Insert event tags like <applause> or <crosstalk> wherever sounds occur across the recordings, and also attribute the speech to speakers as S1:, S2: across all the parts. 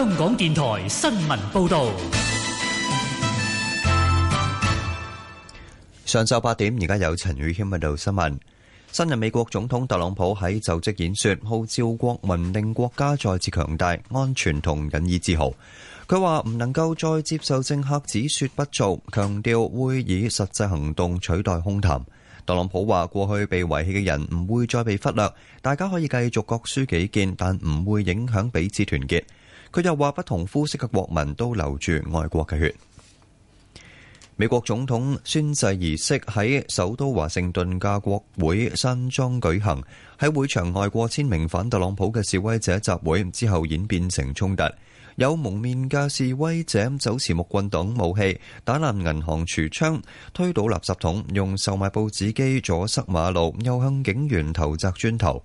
S1: 香港電台新聞報道，上晝八點，而家有陳宇謙報道新聞。新任美國總統特朗普喺就職演說，號召國民令國家再次強大、安全同引以自豪。佢話唔能夠再接受政客只說不做，強調會以實際行動取代空談。特朗普話過去被遺棄嘅人唔會再被忽略，大家可以繼續各抒己見，但唔會影響彼此團結。佢又話：不同膚色嘅國民都流住外國嘅血。美國總統宣誓儀式喺首都華盛頓嘅國會山莊舉行，喺會場外過千名反特朗普嘅示威者集會之後演變成衝突，有蒙面嘅示威者手持木棍等武器打爛銀行櫥窗，推倒垃圾桶，用售賣報紙機阻塞馬路，又向警員投擲磚頭。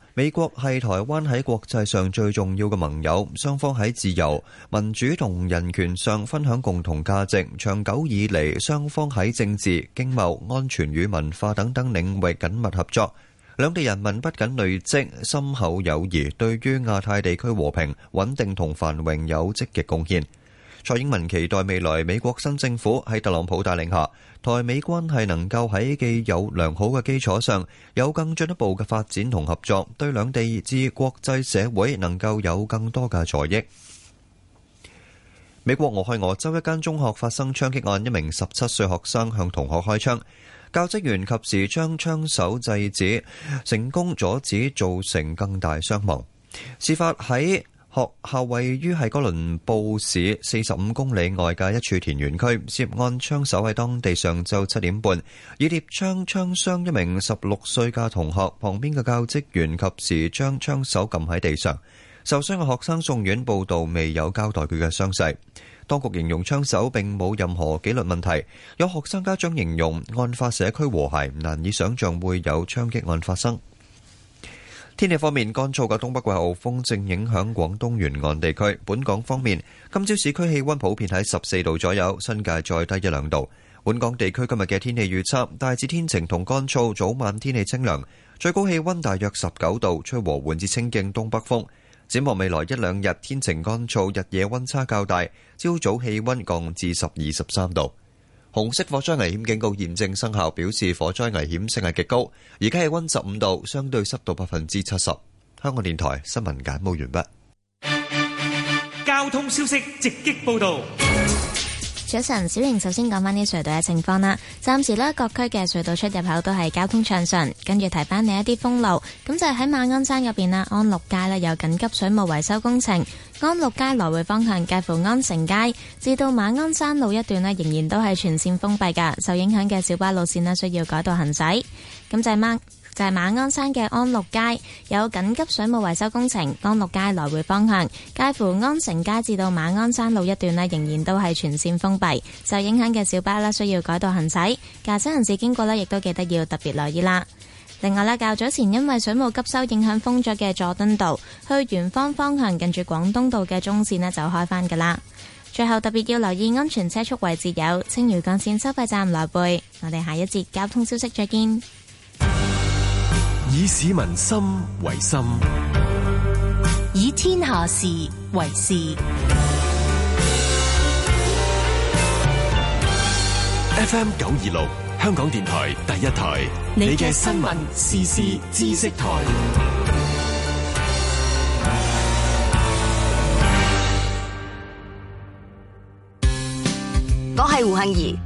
S1: 美國係台灣喺國際上最重要嘅盟友，雙方喺自由、民主同人權上分享共同價值。長久以嚟，雙方喺政治、經貿、安全與文化等等領域緊密合作。兩地人民不僅累積深厚友誼，對於亞太地區和平、穩定同繁榮有積極貢獻。蔡英文期待未來美國新政府喺特朗普帶領下，台美關係能夠喺既有良好嘅基礎上，有更進一步嘅發展同合作，對兩地至國際社會能夠有更多嘅助益。美國俄亥俄州一間中學發生槍擊案，一名十七歲學生向同學開槍，教職員及時將槍手制止，成功阻止造成更大傷亡。事發喺。學校位於係哥倫布市四十五公里外嘅一處田園區，涉案槍手喺當地上晝七點半，以獵槍槍傷一名十六歲嘅同學，旁邊嘅教職員及時將槍手撳喺地上，受傷嘅學生送院，報道未有交代佢嘅傷勢。當局形容槍手並冇任何紀律問題，有學生家長形容案發社區和諧，難以想象會有槍擊案發生。天氣方面，乾燥嘅東北季候風正影響廣東沿岸地區。本港方面，今朝市區氣溫普遍喺十四度左右，新界再低一兩度。本港地區今日嘅天氣預測大致天晴同乾燥，早晚天氣清涼，最高氣溫大約十九度，吹和緩至清勁東北風。展望未來一兩日，天晴乾燥，日夜溫差較大，朝早氣溫降至十二十三度。紅色火災危險警告現正生效，表示火災危險性係極高。而家氣溫十五度，相對濕度百分之七十。香港電台新聞簡報完畢。交通消息直擊報道。
S2: 早晨，小瑩首先講翻啲隧道嘅情況啦。暫時呢，各區嘅隧道出入口都係交通暢順。跟住提翻你一啲封路，咁就喺馬鞍山入邊啦。安陸街呢有緊急水務維修工程，安陸街來回方向介乎安誠街至到馬鞍山路一段呢，仍然都係全綫封閉噶，受影響嘅小巴路綫呢，需要改道行駛。咁就係咁。就係、是、馬鞍山嘅安樂街有緊急水務維修工程，安樂街來回方向，介乎安城街至到馬鞍山路一段呢，仍然都係全線封閉，受影響嘅小巴啦需要改道行駛，駕駛人士經過呢，亦都記得要特別留意啦。另外咧，較早前因為水務急修影響封咗嘅佐敦道去元芳方,方向，近住廣東道嘅中線呢，就開返噶啦。最後特別要留意安全車速位置有青嶼幹線收費站來背。我哋下一節交通消息再見。
S3: 以市民心為心，
S2: 以天下事為事。
S1: FM 九二六，香港電台第一台，
S3: 你嘅新聞、時事、知識
S2: 台。我係胡杏兒，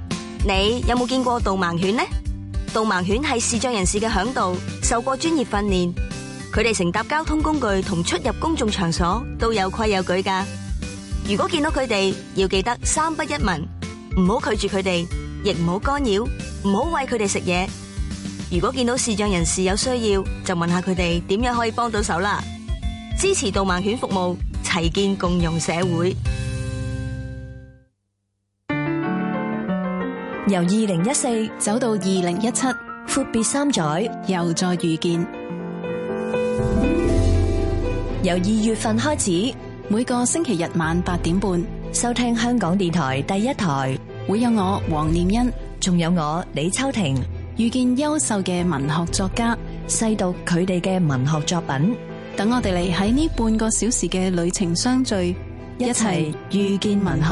S2: 你有冇見過導盲犬呢？導盲犬係視障人士嘅嚮導，受過專業訓練，佢哋乘搭交通工具同出入公眾場所都有規有矩噶。如果見到佢哋，要記得三不一問，唔好拒絕佢哋，亦唔好干擾，唔好餵佢哋食嘢。如果見到視障人士有需要，就問下佢哋點樣可以幫到手啦。支持導盲犬服務，齊建共融社會。由二零一四走到二零一七，闊別三載，又再遇見。由二月份開始，每個星期日晚八點半，收聽香港電台第一台，會有我黃念欣，仲有我李秋婷，遇見優秀嘅文學作家，細讀
S4: 佢哋嘅文學作品，等我哋嚟喺呢半個小時嘅旅程相聚，一齊遇見文學。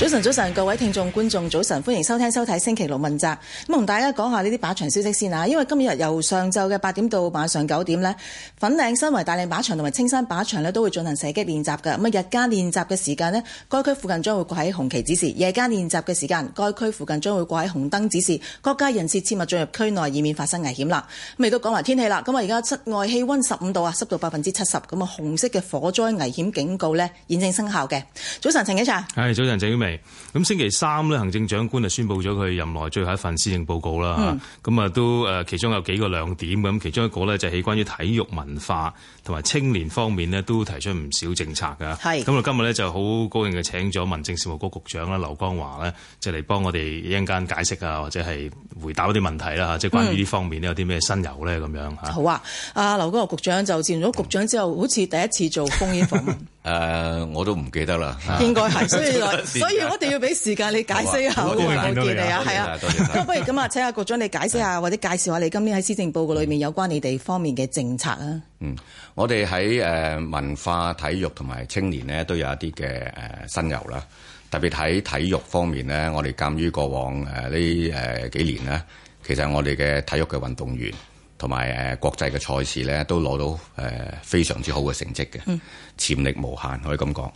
S4: 早晨，早晨，各位聽眾觀眾早晨，歡迎收聽收睇《星期六問責》。咁同大家講下呢啲靶場消息先啊。因為今日由上晝嘅八點到晚上九點咧，粉嶺新圍大嶺靶場同埋青山靶場咧都會進行射擊練習嘅。咁啊，日間練習嘅時間咧，該區附近將會掛喺紅旗指示；夜間練習嘅時間，該區附近將會掛喺紅燈指示。各界人士切勿進入區內以免發生危險啦。咁亦都講埋天氣啦。咁啊，而家室外氣溫十五度啊，濕度百分之七十。咁啊，紅色嘅火災危險警告咧，現正生效嘅。早晨，陳啟祥。
S5: 係，早晨，鄭曉明。咁星期三咧，行政長官就宣布咗佢任內最後一份施政報告啦，吓，咁啊都誒，其中有幾個亮點咁，其中一個咧就係關於體育文化同埋青年方面呢，都提出唔少政策噶。咁啊，今日咧就好高興嘅，請咗民政事務局局長啦，劉江華咧，就嚟幫我哋一陣間解釋啊，或者係回答一啲問題啦，吓即係關於呢方面咧有啲咩新猷咧咁樣
S4: 吓。好啊，阿劉江華局長就轉咗局長之後，嗯、好似第一次做烽煙訪問。
S5: <laughs> 誒、呃，我
S6: 都唔記得啦。應該係，所以 <laughs> 所以，所以我哋
S4: 要俾時間你解釋一下，啊好啊、我讓你讓你好見你啊，係啊，咁 <laughs> 不如咁啊，請阿局長你解釋下、啊，或者介紹下你今年喺施政報告裏面有關你哋方面嘅政策啊。嗯，
S6: 我哋喺文化、體育同埋青年呢，都有一啲嘅誒新猷啦。特別喺體育方面呢，我哋鑑於過往呢幾年呢，其實我哋嘅體育嘅運動員，同埋誒國際嘅賽事咧，都攞到誒非常之好嘅成績嘅，潛力無限可以咁講。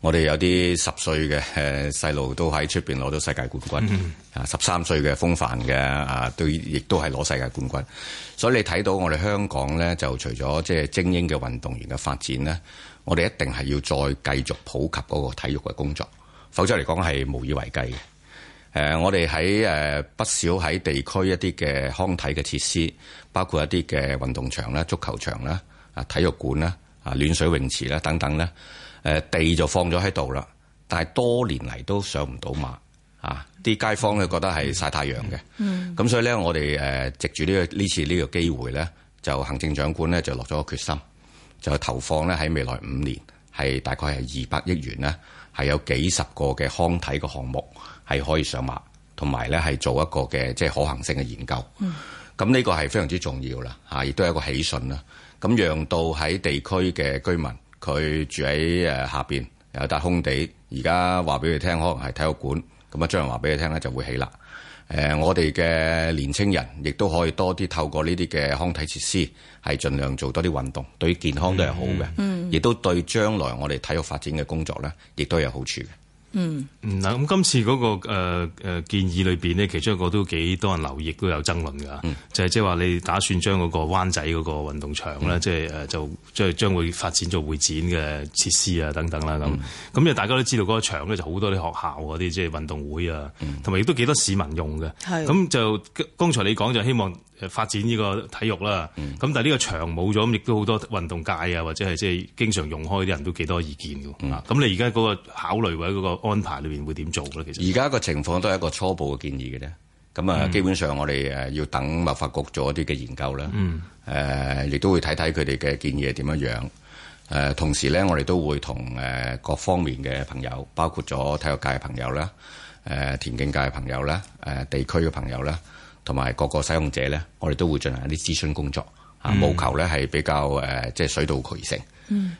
S6: 我哋有啲十歲嘅誒細路都喺出面攞到世界冠軍，啊十三歲嘅風帆嘅啊，都亦都係攞世界冠軍。所以你睇到我哋香港呢，就除咗即係精英嘅運動員嘅發展呢，我哋一定係要再繼續普及嗰個體育嘅工作，否則嚟講係無以為繼嘅。誒，我哋喺誒不少喺地區一啲嘅康體嘅設施，包括一啲嘅運動場啦、足球場啦、啊體育館啦、啊暖水泳池啦等等咧。誒地就放咗喺度啦，但係多年嚟都上唔到馬啊！啲街坊佢覺得係曬太陽嘅，咁、mm. 所以咧，我哋誒藉住呢個呢次呢個機會咧，就行政長官咧就落咗個決心，就投放咧喺未來五年係大概係二百億元咧，係有幾十個嘅康體嘅項目。係可以上馬，同埋咧係做一個嘅即係可行性嘅研究。咁、嗯、呢個係非常之重要啦，亦、啊、都係一個喜訊啦。咁、啊、讓到喺地區嘅居民，佢住喺、呃、下面，有一笪空地，而家話俾佢聽，可能係體育館。咁啊，將來話俾佢聽咧，就會起啦。誒、呃，我哋嘅年青人亦都可以多啲透過呢啲嘅康體設施，係盡量做多啲運動，對於健康都係好嘅。嗯，亦都對將來我哋體育發展嘅工作咧，亦都有好處嘅。
S5: 嗯，嗱、嗰個，咁今次嗰個誒誒建議裏邊咧，其中一個都幾多人留意，都有爭論噶、嗯，就係即係話你打算將嗰個灣仔嗰個運動場咧，即係誒就即係將會發展做會展嘅設施啊，等等啦，咁、嗯，咁因為大家都知道嗰個場咧就好多啲學校嗰啲即係運動會啊，同埋亦都幾多市民用嘅，係咁就剛才你講就希望。發展呢個體育啦，咁、嗯、但係呢個場冇咗，咁亦都好多運動界啊，或者係即係經常用開啲人都幾多意見嘅，喎、嗯。咁你而家嗰個考慮或者嗰個安排裏面會點做咧？其實而家個情況都係一個初步嘅建議嘅啫。
S6: 咁、嗯、啊，基本上我哋誒要等立法局做一啲嘅研究啦。誒、嗯，亦、呃、都會睇睇佢哋嘅建議係點樣樣。誒、呃，同時咧，我哋都會同誒各方面嘅朋友，包括咗體育界嘅朋友啦、誒、呃、田徑界嘅朋友啦、誒、呃、地區嘅朋友啦。同埋，個個使用者咧，我哋都會進行一啲諮詢工作。務求咧係比較即係水到渠成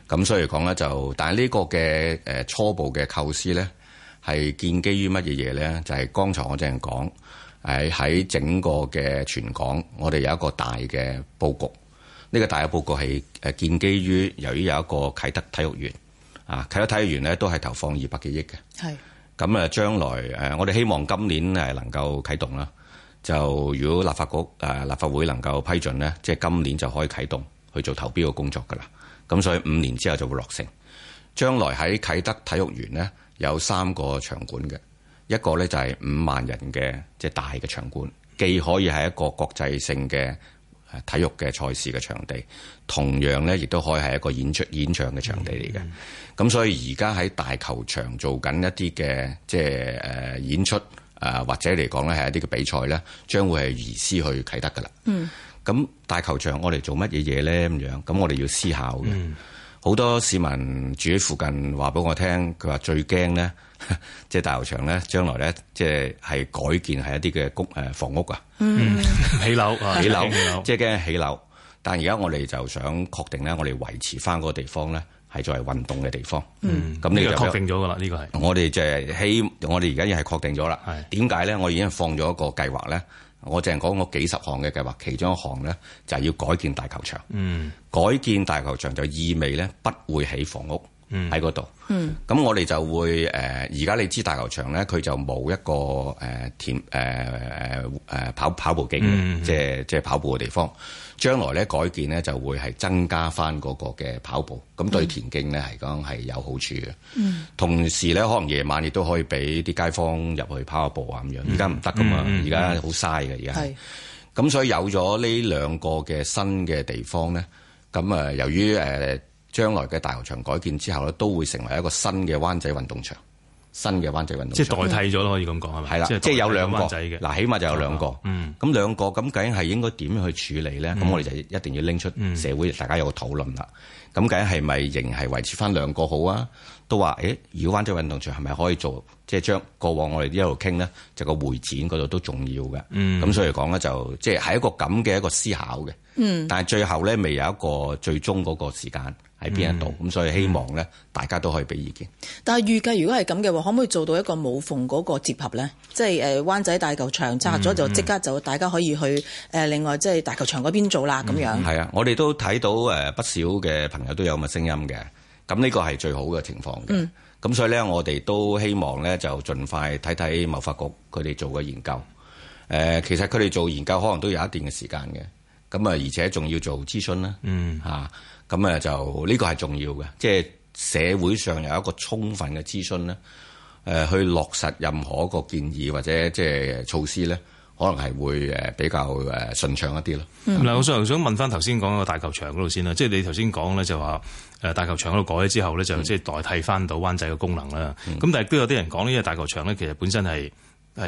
S6: 咁、嗯，所以講咧就，但係呢個嘅誒初步嘅構思咧係建基於乜嘢嘢咧？就係、是、剛才我正講係喺整個嘅全港，我哋有一個大嘅佈局。呢、這個大嘅佈局係建基於由於有一個啟德體育園啊，啟德體育園咧都係投放二百幾億嘅。係咁啊，將來我哋希望今年誒能夠啟動啦。就如果立法局誒、呃、立法會能夠批准呢，即係今年就可以啟動去做投標嘅工作噶啦。咁所以五年之後就會落成。將來喺啟德體育園呢，有三個場館嘅，一個呢就係、是、五萬人嘅即係大嘅場館，既可以係一個國際性嘅體育嘅賽事嘅場地，同樣呢亦都可以係一個演出演唱嘅場地嚟嘅。咁所以而家喺大球場做緊一啲嘅即係誒演出。誒或者嚟講咧係一啲嘅比賽咧，將會係移師去啟德噶啦。嗯，咁大球場我哋做乜嘢嘢咧？咁樣，咁我哋要思考嘅。好、嗯、多市民住喺附近，話俾我聽，佢話最驚咧，即、就、係、是、大球場咧，將來咧，即係係改建係一啲嘅公、呃、房屋啊。嗯， <laughs> 起樓，起樓即係驚起樓。就是、起樓 <laughs> 但而家我哋就想確定咧，我哋維持翻嗰個地方咧。係作為運動嘅地方，
S7: 嗯，咁呢就、這
S6: 個、確定咗噶啦，呢、這個係我哋就係起，我哋而家亦係確定咗啦。點解咧？我已經放咗一個計劃咧，我淨係講過幾十項嘅計劃，其中一項咧就係要改建大球場。嗯，改建大球場就意味咧不會起房屋，喺嗰度，嗯，咁我哋就會誒，而、呃、家你知大球場咧，佢就冇一個誒田誒誒誒跑跑步徑，即係即係跑步嘅地方。將來咧改建咧就會係增加翻嗰個嘅跑步，咁對田徑咧嚟講係有好處嘅、嗯。同時咧，可能夜晚亦都可以俾啲街坊入去跑下步啊咁樣。而家唔得噶嘛，而家好嘥嘅而家。咁、嗯嗯嗯、所以有咗呢兩個嘅新嘅地方咧，咁由於誒將來嘅大球場改建之後咧，都會成為一個新嘅灣仔運動場。新嘅灣仔運動場，即係代替咗
S5: 咯，可以咁講係咪？係啦，即係有兩個仔嘅，嗱，起碼就有兩個。嗯，
S6: 咁兩個咁，究竟係應該點樣去處理咧？咁、嗯、我哋就一定要拎出社會，嗯、大家有個討論啦。咁究竟係咪仍係維持翻兩個好啊？都話誒，如果灣仔運動場係咪可以做，即、就、係、是、將過往我哋一路傾咧，就個會展嗰度都重要嘅。咁、嗯、所以嚟講咧，就即係係一個咁嘅一個思考嘅。嗯，但係最後咧，未有一個最終嗰個時間。喺邊一度咁，所以希望咧，大家都可以俾意見。嗯
S4: 嗯、但係預計如果係咁嘅話，可唔可以做到一個冇縫嗰個結合咧？即係誒灣仔大球場拆咗、嗯嗯、就即刻就大家可以去誒另外即係大球場嗰邊做啦咁、嗯、樣。
S6: 係、嗯、啊，我哋都睇到誒不少嘅朋友都有咁嘅聲音嘅。咁呢個係最好嘅情況。嗯。咁所以咧，我哋都希望咧就盡快睇睇發局佢哋做嘅研究。誒，其實佢哋做研究可能都有一段嘅時間嘅。咁啊，而且仲要做諮詢啦。嗯。啊咁誒就呢、這個係重要嘅，即係社會上有一個充分嘅諮詢咧、呃，去落實任何一個建議或者即係措施
S5: 咧，可能係會比較誒順暢一啲咯。嗱、嗯嗯，我想想問翻頭先講個大球場嗰度先啦，即係你頭先講咧就話大球場嗰度改咗之後咧，就即係代替翻到灣仔嘅功能啦。咁、嗯、但係都有啲人講呢個大球場咧其實本身係。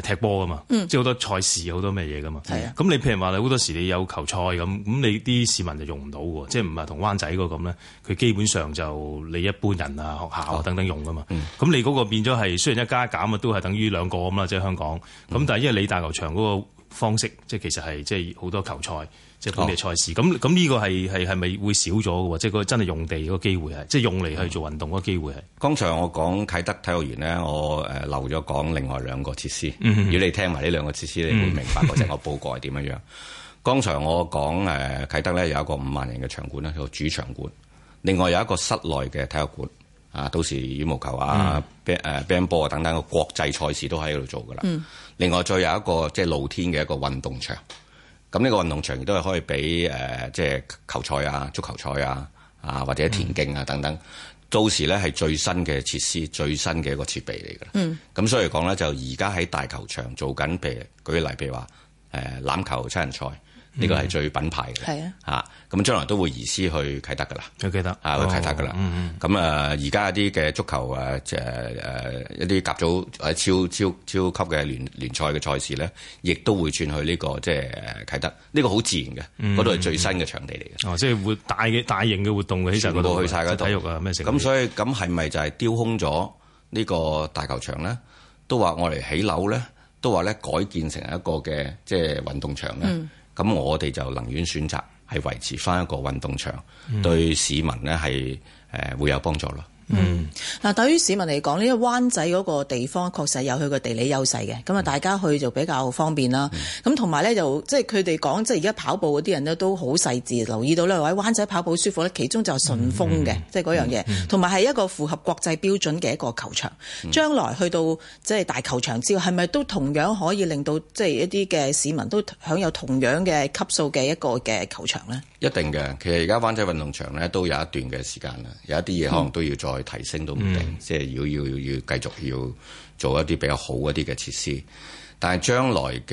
S5: 誒踢波噶嘛，mm. 即係好多賽事，好多咩嘢噶嘛。咁、mm. 你譬如話你好多時你有球賽咁，咁你啲市民就用唔到喎，即係唔係同灣仔嗰個咁咧？佢基本上就你一般人啊、學校啊等等用噶嘛。咁、mm. 你嗰個變咗係雖然一加一減啊，都係等於兩個咁啦，即係香港。咁、mm. 但係因為你大球場嗰個方式，即係其實係即係好多球賽。即係本地賽事，咁咁呢個係係係咪會少咗嘅？即係個真係用地個機會係，即係用嚟去做運動個機會係。剛才我
S6: 講啟德體育園咧，我誒留咗講另外兩個設施，如果你聽埋呢兩個設施，你會明白即係我報告係點樣樣。剛才我講誒啟德咧有一個五萬人嘅場館咧，叫主場館，另外有一個室內嘅體育館，啊，到時羽毛球啊、誒乒乓波啊等等嘅國際賽事都喺度做噶啦。另外再有一個即係露天嘅一個運動場。咁呢個運動場亦都係可以俾誒，即係球賽啊、足球賽啊、啊或者田徑啊等等，嗯、到時咧係最新嘅設施、最新嘅一個設備嚟㗎。嗯，咁所以講咧，就而家喺大球場做緊，譬如舉例，譬如話誒欖球七人賽。呢個係最品牌嘅，係、嗯、啊咁、啊、將來都會移師去啟德噶啦，去啟德啊，去啟德噶啦。咁、哦嗯、啊，而家啲嘅足球誒、啊啊啊啊、一啲甲組超超超級嘅聯聯賽嘅賽事咧，亦都會轉去呢、這個即係誒啟德。呢、這個好自然嘅，嗰度係最新嘅場地嚟
S5: 嘅。哦，即係大嘅大型嘅活動嘅，其實全部去曬嗰度。就是、體育啊，咩咁、啊？所
S6: 以咁係咪就係丟空咗呢個大球場咧？都話我哋起樓咧，都話咧改建成一個嘅即係運動場咧。嗯咁我哋就寧願選擇係維持翻一個運動場，對市民咧係誒會有幫助咯。
S4: Mm -hmm. 嗯，嗱，對於市民嚟講，呢個灣仔嗰個地方確實有佢個地理優勢嘅，咁啊，大家去就比較方便啦。咁同埋咧，就即係佢哋講，即係而家跑步嗰啲人咧都好細緻，留意到呢位灣仔跑步舒服咧，其中就係順風嘅，即係嗰樣嘢，同埋係一個符合國際標準嘅一個球場。Mm -hmm. 將來去到即係大球場之後，係咪都同樣可以令到即係一啲嘅市民都享有同樣嘅級數嘅一個嘅球場咧？
S6: 一定嘅，其實而家灣仔運動場咧都有一段嘅時間啦，有一啲嘢可能都要再提升都唔定，即係如果要要，要繼續要做一啲比較好的一啲嘅設施。但係將來嘅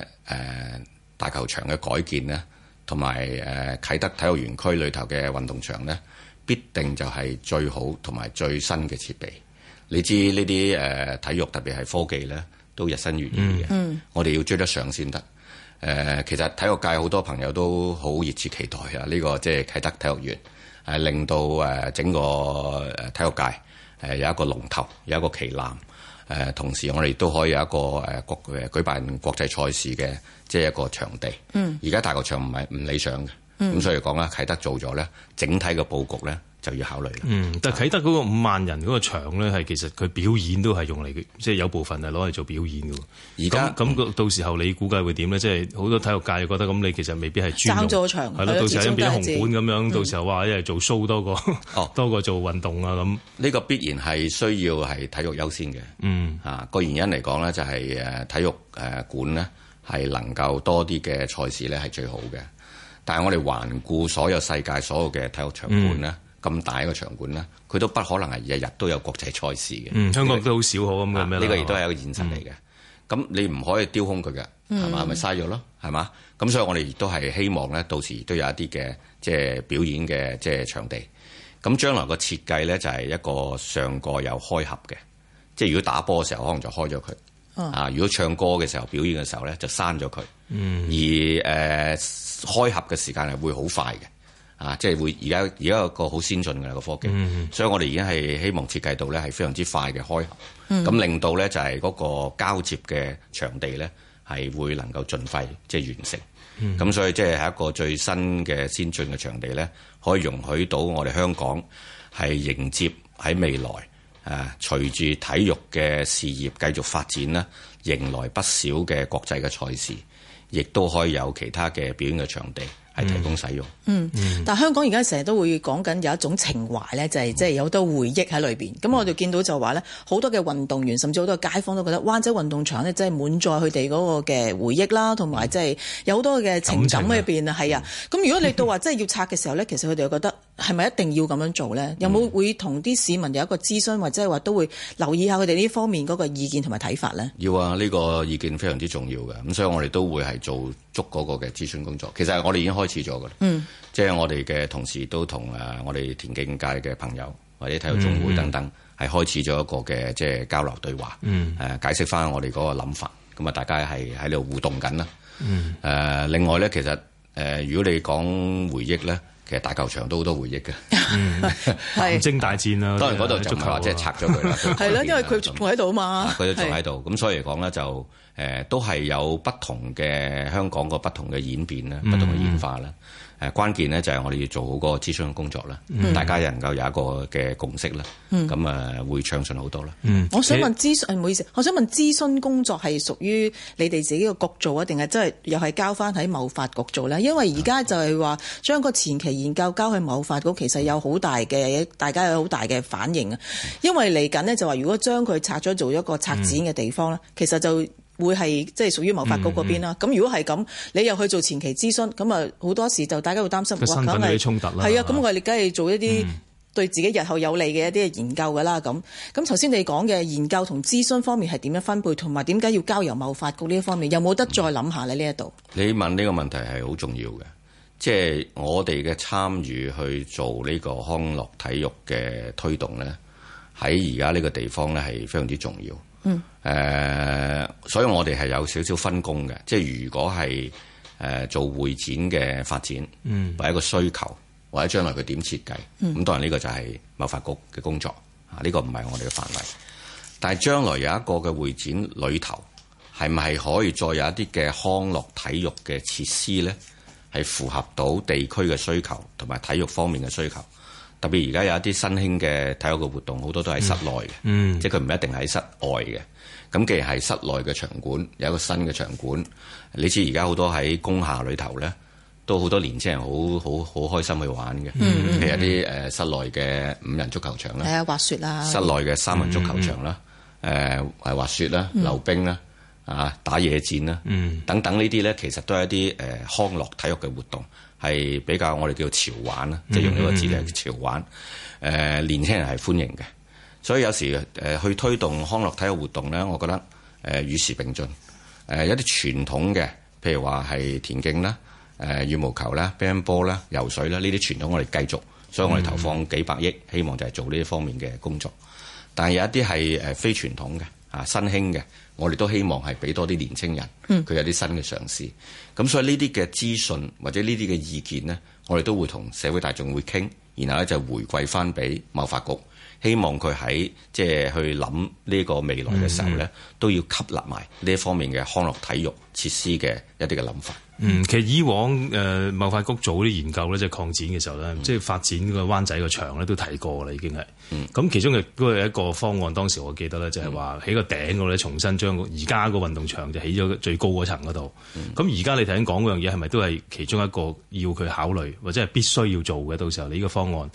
S6: 誒、呃、大球場嘅改建咧，同埋誒啟德體育園區裏頭嘅運動場咧，必定就係最好同埋最新嘅設備。你知呢啲誒體育特別係科技咧，都日新月異嘅、嗯，我哋要追得上先得。誒，其實體育界好多朋友都好熱切期待啊！呢個即係啟德體育園，係令到誒整個誒體育界誒有一個龍頭，有一個旗艦。誒，同時我哋都可以有一個誒國誒舉辦國際賽事嘅即係一個場地。嗯。而家大角場唔係唔理想嘅。咁所以講啦，啟德做咗咧，整體嘅佈局咧。就要考慮啦。
S5: 嗯，但係啟德嗰個五萬人嗰個場咧，係、嗯、其實佢表演都係用嚟，即、就、係、是、有部分係攞嚟做表演嘅。而家咁，到時候你估計會點咧？即係好多體育界覺得咁，你其實未必係專咗場，係咯？到時候變紅館咁樣，到時候話，一係做 show 多個、哦、多過做運動啊咁。呢、呢個必然係需
S6: 要係體育優先嘅。嗯，啊個原因嚟講咧，就係誒體育誒館咧係能夠多啲嘅賽事咧係最好嘅。但係我哋環顧所有世界所有嘅體育場館咧。嗯咁大一個場館咧，佢都不可能係日日都有國際賽事嘅。嗯，香港都好少好咁樣。呢個亦都係一個現實嚟嘅。咁、嗯、你唔可以丟空佢嘅，係嘛？咪嘥咗咯，係嘛？咁所以我哋亦都係希望咧，到時都有一啲嘅即係表演嘅即係場地。咁將來個設計咧就係一個上蓋有開合嘅，即係如果打波嘅時候可能就開咗佢、哦、啊；如果唱歌嘅時候表演嘅時候咧就閂咗佢。
S7: 而
S6: 誒、呃、開合嘅時間係會好快嘅。啊！即係會而家而家有個好先進嘅個科技、嗯，所以我哋已經係希望設計到呢係非常之快嘅開
S7: 合，咁、嗯、令
S6: 到呢就係嗰個交接嘅場地呢係會能夠盡快即係完成。咁、嗯、所以即係一個最新嘅先進嘅場地呢，可以容許到我哋香港係迎接喺未來誒，隨住體育嘅事業繼續發展呢迎來不少嘅國際嘅賽事，亦都可以有其他嘅表演嘅場地。係提供使用、嗯。
S4: 嗯，但係香港而家成日都會講緊有一種情懷咧，就係即係有好多回憶喺裏面。咁我哋見到就話咧，好多嘅運動員，甚至好多街坊都覺得灣仔運動場咧，真係滿載佢哋嗰個嘅回憶啦，同埋即係有好多嘅情感喺入面。啊。係啊，咁如果你到話真係要拆嘅時候咧，其實佢哋又覺得。係咪一定要咁樣做咧？有冇會同啲市民有一個諮詢，或者係話都會留意下佢哋呢方面嗰個意見同埋睇法咧？
S6: 要啊！呢、這個意見非常之重要嘅，咁所以我哋都會係做足嗰個嘅諮詢工作。其實我哋已經開始咗噶啦，即係我哋嘅同事都同誒、我哋田徑界嘅朋友或者體育總會等等係、嗯嗯、開始咗一個嘅即係交流對話，誒、嗯、解釋翻我哋嗰個諗法，咁啊大家係喺度互動緊啦。誒、嗯、另外咧，其實如果你講回憶咧。其實大球場都好多回憶嘅、嗯，
S5: 係 <laughs> 武精大戰啦、啊。當然嗰度就唔係話即係拆咗
S6: 佢啦，係啦、 <laughs> 啊，因為佢
S4: 仲喺度嘛。佢都仲喺度，
S6: 咁所以嚟講咧就誒、呃，都係有不同嘅香港個不同嘅演變啦、嗯，不同嘅演化啦。嗯。誒關鍵咧就係我哋要做好個諮詢嘅工作啦、嗯，大家能夠有一個嘅共識啦，咁、嗯、誒會暢順好多啦、嗯。我想問
S4: 諮詢、欸、唔好意思，我想問諮詢工作係屬於你哋自己個局做啊，定係真係又係交翻喺某法局做咧？因為而家就係話將個前期研究交去某法局，其實有好大嘅、嗯，大家有好大嘅反應啊！因為嚟緊呢，就話，如果將佢拆咗做一個拆展嘅地方咧、嗯，其實就～會係即係屬於某法局嗰邊啦。咁、嗯、如果係咁，你又去做前期諮詢，咁啊好多時就大家會擔心個身份嘅衝突啦。係啊，咁我哋梗係做一啲對自己日後有利嘅一啲研究㗎啦。咁咁頭先你講嘅研究同諮詢方面係點樣分配，同埋點解要交由某法局呢一方面，有冇得再諗下你呢一度、嗯？
S6: 你問呢個問題係好重要嘅，即係我哋嘅參與去做呢個康樂體育嘅推動咧，喺而家呢個地方咧係非常之重要。嗯。誒、呃，所以我哋係有少少分工嘅，即係如果係誒、呃、做會展嘅發展，嗯，或一個需求，或者將來佢點設計，咁、嗯、當然呢個就係貿發局嘅工作，呢、啊呢個唔係我哋嘅範圍。但係將來有一個嘅會展裏頭，係唔係可以再有一啲嘅康樂體育嘅設施咧？係符合到地區嘅需求同埋體育方面嘅需求。特別而家有一啲新興嘅體育嘅活動，好多都喺室內嘅、嗯嗯，即係佢唔一定喺室外嘅。咁既係室內嘅場館，有一個新嘅場館。你知而家好多喺工廈裏頭咧，都好多年青人好好好開心去玩嘅。譬、嗯、如一啲室內嘅五人足球場啦，係、嗯、啊，滑
S4: 雪啦、啊，室內
S6: 嘅三人足球場啦，誒、嗯呃、滑雪啦、溜冰啦、啊、嗯、打野戰啦、嗯，等等呢啲咧，其實都係一啲誒、呃、康樂體育嘅活動，係比較我哋叫做潮玩啦，即、嗯、係、就是、用呢個字嚟，潮玩誒、嗯呃、年輕人係歡迎嘅。所以有時誒去推動康樂體育活動咧，我覺得誒與時並進誒有啲傳統嘅，譬如話係田徑啦、誒羽毛球啦、乒乓波啦、游水啦，呢啲傳統我哋繼續，所以我哋投放幾百億、嗯、希望就係做呢一方面嘅工作。但係有一啲係誒非傳統嘅、啊新興嘅，我哋都希望係俾多啲年青人，佢有啲新嘅嘗試。咁、嗯、所以呢啲嘅資訊或者呢啲嘅意見咧，我哋都會同社會大眾會傾，然後咧就回饋翻俾貿發局。希望佢喺即係去諗呢個未來嘅時候咧、嗯，都要吸納埋呢一方面嘅康樂體育設施嘅一啲嘅諗法。嗯，
S5: 其實以往誒貿發局做啲研究咧，即係擴展嘅時候咧，即、嗯、係、就是、發展個灣仔個場咧，都提過啦，已經係嗯。咁其中嘅都係一個方案，當時我記得咧，就係話喺個頂，嗰度咧，重新將而家個運動場就起咗最高嗰層嗰度。嗯。咁而家你頭先講嗰樣嘢，係咪都係其中一個要佢考慮或者係必須要做嘅？到時候你呢個方案。.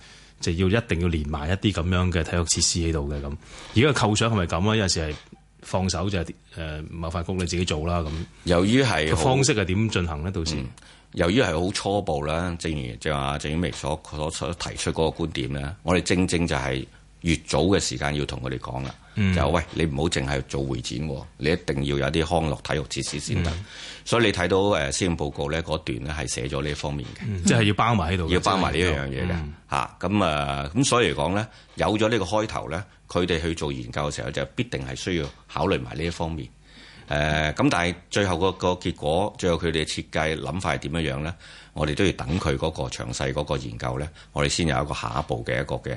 S5: 就要一定要連埋一啲咁樣嘅體育設施喺度嘅，咁，而家構想係咪咁啊？有陣時係放手就係啲誒，文、呃、局你自己做啦，咁。由於係方式係點進行咧？到時、嗯、由於係好初步啦，正如即係阿鄭永明
S6: 所所所提出嗰個觀點咧，我哋正正就係越早嘅時間要同佢哋講啦，就係嗯、喂，你唔好淨係做會展，你一定要有啲康樂體育設施先得。嗯所以你睇到誒施政報告咧，段咧係寫咗呢一方面嘅，
S5: 即係要包埋喺度，要包埋呢
S6: 一樣嘢嘅咁啊，咁、呃、所以嚟講咧，有咗呢個開頭咧，佢哋去做研究嘅時候就必定係需要考慮埋呢一方面。誒、呃，咁但係最後個個結果，最後佢哋設計諗法係點樣樣咧？我哋都要等佢嗰個詳細嗰個研究呢，我哋先有一個下一步嘅一個嘅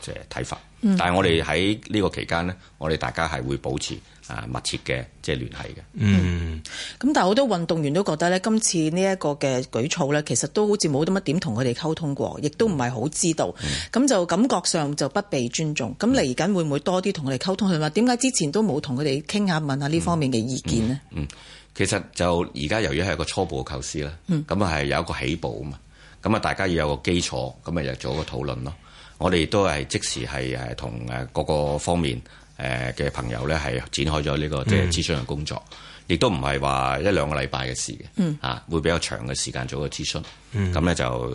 S6: 即係睇法。嗯、但係我哋喺呢個期間呢，我哋大家係會保持啊密切嘅即係聯繫嘅。嗯，
S4: 咁、嗯、但係好多運動員都覺得呢，今次呢一個嘅舉措呢，其實都好似冇啲乜點同佢哋溝通過，亦都唔係好知道。咁、嗯、就感覺上就不被尊重。咁嚟緊會唔會多啲同佢哋溝通？佢話點解之前都冇同佢哋傾下問下呢方面嘅意見呢？嗯。嗯
S6: 嗯。其實就而家由於係一個初步嘅構思啦，咁啊係有一個起步啊嘛。咁啊，大家要有個基礎，咁咪又做一個討論咯。我哋都係即時係同誒各個方面誒嘅朋友咧，係展開咗呢個即係諮詢嘅工作，亦都唔係話一兩個禮拜嘅事嘅嚇、嗯，會比較長嘅時間做個諮詢。咁、嗯、咧就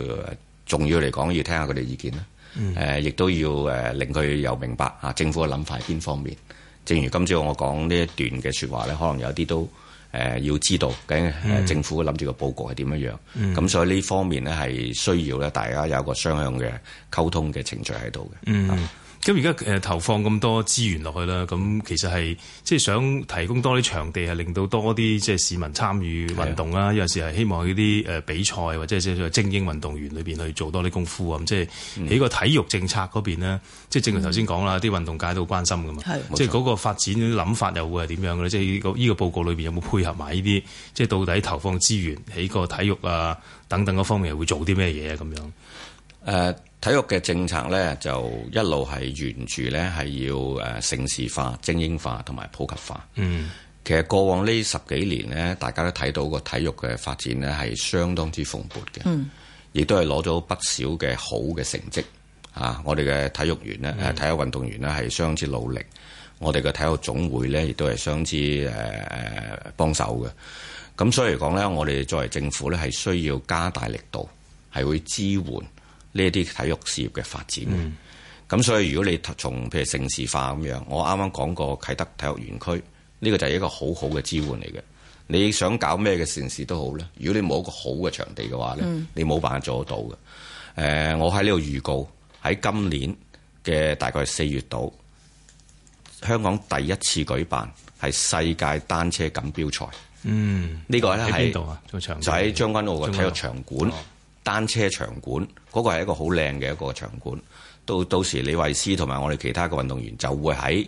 S6: 重要嚟講，要聽下佢哋意見啦。亦、嗯、都要令佢又明白啊政府嘅諗法係邊方面。正如今朝我講呢一段嘅說話咧，可能有啲都。誒，要知道，究竟政府諗住個報告係點樣。樣、嗯、咁所以呢方面咧係需要咧，大家有一個雙向嘅溝通嘅程序喺度嘅。
S5: 嗯嗯咁而家誒投放咁多資源落去啦，咁其實係即係想提供多啲場地，係令到多啲即係市民參與運動啦。有陣時係希望呢啲誒比賽或者即係精英運動員裏面去做多啲功夫啊。咁即係喺個體育政策嗰邊咧，即係正如頭先講啦，啲、嗯、運動界都好關心噶嘛。即係嗰個發展諗法又會係點樣嘅咧？即係呢個呢個報告裏面有冇配合埋呢啲？即係到底投放資源喺個體育啊等等嗰方面係會做啲咩嘢啊？咁樣、呃體育嘅政策呢，就一路係沿住呢，係要誒、呃、城
S6: 市化、精英化同埋普及化。嗯，其實過往呢十幾年呢，大家都睇到個體育嘅發展呢，係相當之蓬勃嘅。嗯，亦都係攞咗不少嘅好嘅成績啊！我哋嘅體育員呢、嗯，體育運動員呢，係相之努力。我哋嘅體育總會也是、呃、呢，亦都係相之誒誒幫手嘅。咁所以嚟講呢，我哋作為政府呢，係需要加大力度，係會支援。呢啲體育事業嘅發展，咁、嗯、所以如果你從譬如城市化咁樣，我啱啱講過啟德體育園區，呢、呢個就係一個好好嘅支援嚟嘅。你想搞咩嘅城市都好咧，如果你冇一個好嘅場地嘅話咧、嗯，你冇辦法做得到嘅。誒、呃，我喺呢度預告喺今年嘅大概四月度，香港第一次舉辦係世界單車錦標賽。
S5: 嗯，呢個、呢個咧喺邊度啊？做場就喺
S6: 將軍澳嘅體育場館。單車場館嗰、那個係一個好靚嘅一個場館，到到時李慧詩同埋我哋其他嘅運動員就會喺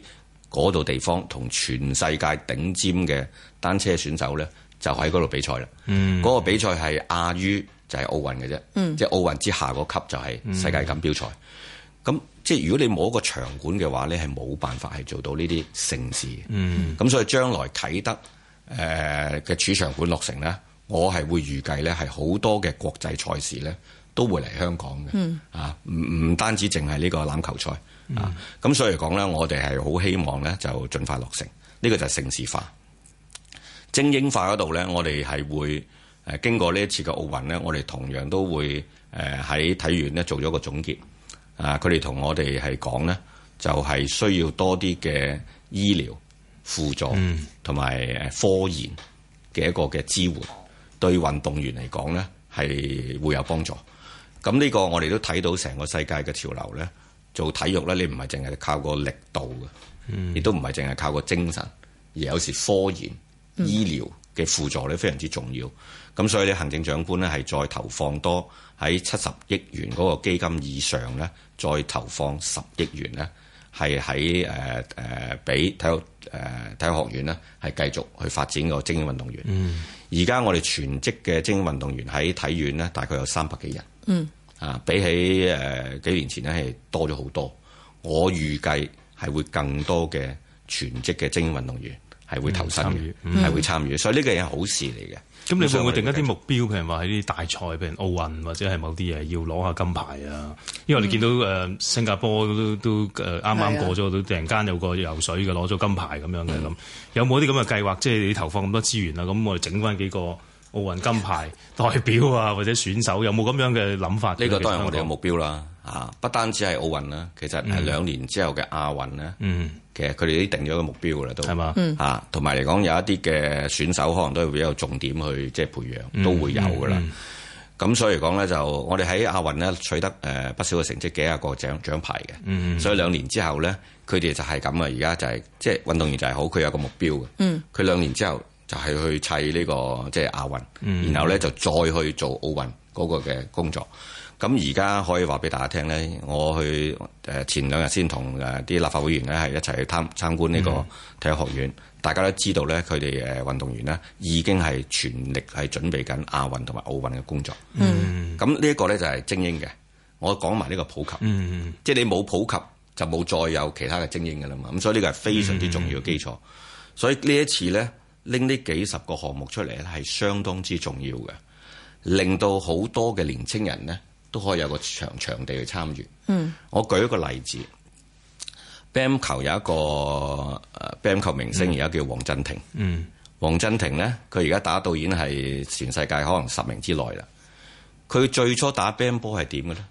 S6: 嗰度地方，同全世界頂尖嘅單車選手呢就喺嗰度比賽啦。嗰、嗯那個比賽係亞於就係、是、奧運嘅啫、嗯，即係奧運之下個級就係世界錦標賽。咁、嗯、即如果你冇一個場館嘅話咧，係冇辦法係做到呢啲盛事嘅。咁、嗯、所以將來啟德誒嘅、呃、主場館落成呢。我係會預計咧，係好多嘅國際賽事咧都會嚟香港嘅、嗯嗯，啊，唔唔單止淨係呢個籃球賽啊，咁所以講咧，我哋係好希望咧就盡快落成，呢、呢個就係城市化、精英化嗰度咧，我哋係會誒經過呢一次嘅奧運咧，我哋同樣都會誒喺體院咧做咗個總結啊，佢哋同我哋係講咧，就係需要多啲嘅醫療輔助，同埋誒科研嘅一個嘅支援。嗯對運動員嚟講呢，係會有幫助。咁呢個我哋都睇到成個世界嘅潮流呢，做體育呢，你唔係淨係靠個力度嘅，亦、嗯、都唔係淨係靠個精神，而有時科研、醫療嘅輔助呢，非常之重要。咁所以咧，行政長官呢，係再投放多喺七十億元嗰個基金以上呢，再投放十億元呢係喺誒誒，俾、呃呃、體育誒、呃、體育學院咧，係繼續去發展個精英運動員。而、mm. 家我哋全職嘅精英運動員喺體院咧，大概有三百幾人。Mm. 啊，比起誒、呃、幾年前咧係多咗好多。我預計係會更多嘅
S5: 全職嘅精英運動員。係會投身嘅。係、嗯、會參
S6: 與，嗯、參與，所以呢個係好事嚟嘅。
S5: 咁、嗯、你有有會唔會定一啲目標，譬如話喺啲大賽，譬如奧運或者係某啲嘢要攞下金牌啊、嗯？因為你見到誒、呃、新加坡都都誒啱啱過咗、啊，都突然間有個游水嘅攞咗金牌咁樣嘅咁、嗯，有冇啲咁嘅計劃？即係你投放咁多資源啊，咁我哋整翻幾個奧運金牌代表啊， <laughs> 或者選手有冇咁樣嘅諗法？呢、這個都係我哋嘅目
S6: 標啦。啊！不單止係奧運啦，其實誒兩年之後嘅亞運咧，其實佢哋已經定咗個目標噶啦，都係嘛，同埋嚟講有一啲嘅選手可能都會比較重點去即係培養、嗯，都會有噶啦。咁、嗯、所以嚟講咧，就我哋喺亞運咧取得誒、呃、不少嘅成績，幾啊個獎獎牌嘅、嗯。所以兩年之後咧，佢哋就係咁啊！而家就係即係運動員就係好，佢有個目標嘅。佢、嗯、兩年之後就係去砌呢、這個即係亞運，然後咧就再去做奧運嗰個嘅工作。咁而家可以話俾大家聽咧，我去誒前兩日先同誒啲立法會議員咧係一齊去參參觀呢個體育學院。嗯，大家都知道咧，佢哋誒運動員咧已經係全力係準備緊亞運同埋奧運嘅工作。嗯，咁呢一個咧就係精英嘅，我講埋呢個普及。嗯，即係你冇普及，就冇再有其他嘅精英㗎啦嘛。咁所以呢個係非常之重要嘅基礎。嗯，所以呢一次咧拎呢幾十個項目出嚟咧，係相當之重要嘅，令到好多嘅年青人咧。都可以有場個場地去參與，嗯。我舉一個例子，棒球有一個棒球明星，而家叫黃振廷。嗯、黃振廷咧，佢而家打導演係全世界可能十名之內啦。佢最初打棒波係點嘅咧？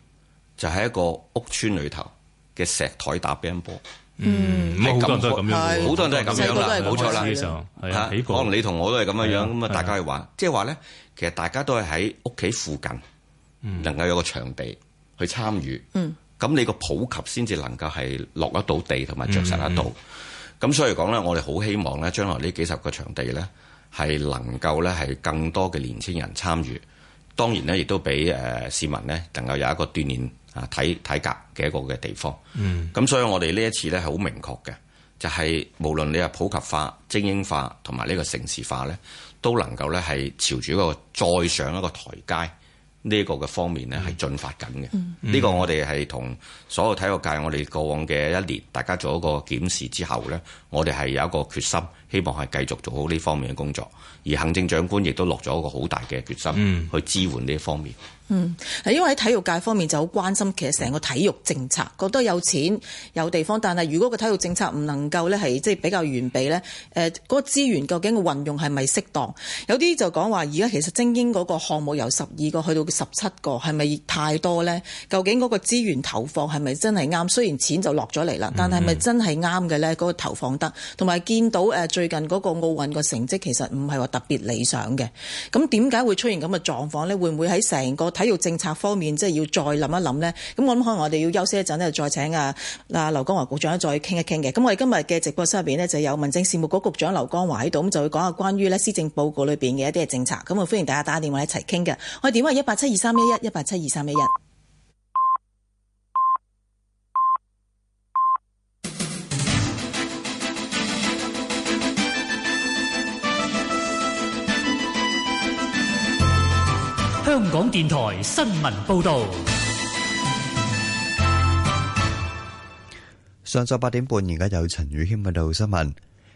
S6: 就喺、是、一個屋村裏頭嘅石台打棒波。
S7: 嗯、好、嗯、多人都咁樣，好多人都係咁樣啦。開始嘅時候、時候、啊，
S6: 可能你同我都係咁樣樣，咁啊，大家去玩。即係話咧，其實大家都係喺屋企附近。能夠有個場地去參與，咁、嗯、你個普及先至能夠係落得到地同埋着實得到。咁、嗯嗯、所以講呢，我哋好希望呢將來呢幾十個場地呢，係能夠呢，係更多嘅年青人參與。當然呢，亦都俾市民呢，能夠有一個鍛鍊啊體體格嘅一個嘅地方。咁、嗯、所以，我哋呢一次呢，係好明確嘅，就係、是、無論你係普及化、精英化同埋呢個城市化呢，都能夠呢，係朝住一個再上一個台階。呢個嘅方面咧係進發緊嘅。嗯，呢個我哋係同所有體育界我哋過往嘅一年，大家做一個檢視之後呢，我哋係有一個決心，希望係繼續做好呢方面嘅工作。而行政長官亦都落咗一個好大嘅決心去支援呢方面。
S4: 嗯，係因為喺體育界方面就好關心，其實成個體育政策覺得有錢有地方，但係如果個體育政策唔能夠咧係即係比較完備咧，誒、嗰個資源究竟嘅運用係咪適當，有啲就講話，而家其實精英嗰個項目由十二個去到十七個係咪太多咧？究竟嗰個資源投放係咪真係啱？雖然錢就落咗嚟啦，但係咪真係啱嘅咧？嗰、嗰個投放得同埋見到誒最近嗰個奧運個成績其實唔係話特別理想嘅，咁點解會出現咁嘅狀況咧？會唔會喺成個。體育政策方面，即係要再諗一諗呢。咁我諗可能我哋要休息一陣咧，再請阿、啊、阿、啊、劉江華局長再傾一傾嘅。咁我哋今日嘅直播室入面呢，就有民政事務局局長劉江華喺度，咁就會講下關於呢施政報告裏邊嘅一啲嘅政策。咁啊，歡迎大家打電話一齊傾嘅。我哋電話係一八七二三一一一八七二三一一。
S1: 港電台新聞報道：上晝八點半，而家有陳宇謙報道新聞。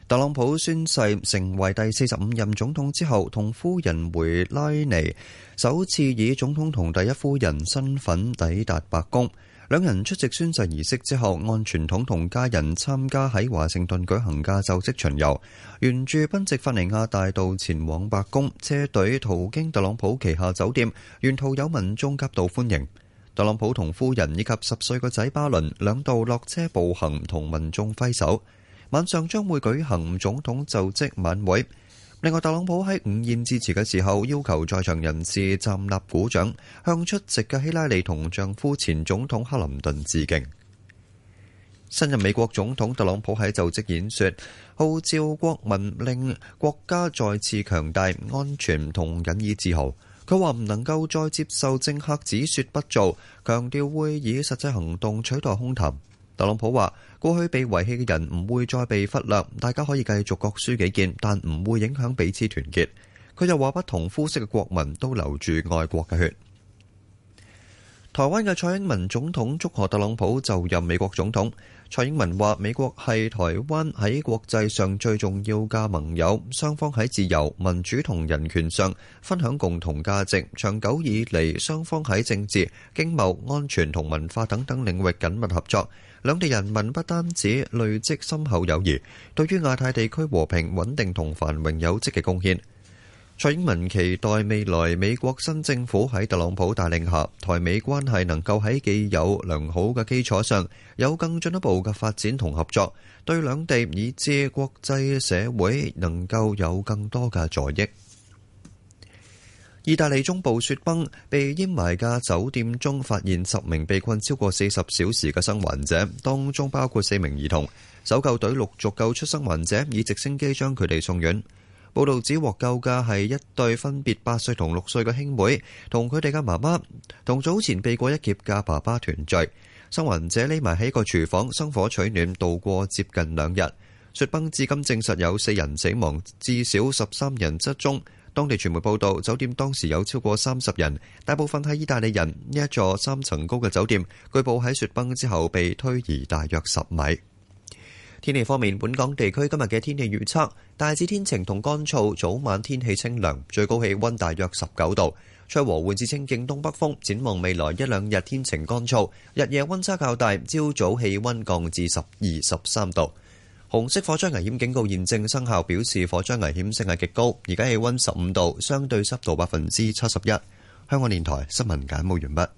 S1: 特朗普宣誓成為第四十五任總統之後，同夫人梅拉尼首次以總統同第一夫人身份抵達白宮。兩人出席宣誓儀式之後，按傳統同家人參加喺華盛頓舉行嘅就職巡遊，沿住賓夕法尼亞大道前往白宮，車隊途經特朗普旗下酒店，沿途有民眾夾道歡迎。特朗普同夫人以及十歲個仔巴倫兩度落車步行同民眾揮手。晚上將會舉行總統就職晚會。另外，特朗普喺午宴致辭嘅時候，要求在場人士站立鼓掌，向出席嘅希拉里同丈夫前總統克林頓致敬。新任美國總統特朗普喺就職演說，號召國民令國家再次強大、安全同引以自豪。佢話唔能夠再接受政客只說不做，強調會以實際行動取代空談。特朗普話：過去被遺棄嘅人唔會再被忽略，大家可以繼續各抒己見，但唔會影響彼此團結。佢又話：不同膚色嘅國民都流住愛國嘅血。台灣嘅蔡英文總統祝賀特朗普就任美國總統。蔡英文話：美國係台灣喺國際上最重要嘅盟友，雙方喺自由、民主同人權上分享共同價值。長久以嚟，雙方喺政治、經貿、安全同文化等等領域緊密合作，兩地人民不單止累積深厚友誼，對於亞太地區和平穩定同繁榮有積極貢獻。蔡英文期待未來美國新政府喺特朗普帶領下，台美關係能夠喺既有良好嘅基礎上，有更進一步嘅發展同合作，對兩地以至國際社會能夠有更多嘅助益。意大利中部雪崩被掩埋嘅酒店中發現十名被困超過四十小時嘅生還者，當中包括四名兒童。搜救隊陸續救出生還者，以直升機將佢哋送院。報道指獲救嘅，係一對分別八歲同六歲嘅兄妹他們的，同佢哋嘅媽媽，同早前避過一劫嘅爸爸團聚。生還者匿埋喺個廚房生火取暖，度過接近兩日。雪崩至今證實有四人死亡，至少十三人失蹤。當地傳媒報道，酒店當時有超過三十人，大部分係意大利人。呢一座三層高嘅酒店，據報喺雪崩之後被推移大約十米。天氣方面，本港地區今日嘅天氣預測大致天晴同乾燥，早晚天氣清涼，最高氣溫大約十九度。吹和緩至清勁東北風。展望未來一兩日天晴乾燥，日夜温差較大，朝早氣溫降至十二十三度。紅色火災危險警告現正生效，表示火災危險性係極高。而家氣溫十五度，相對濕度百分之七十一。香港電台新聞簡報完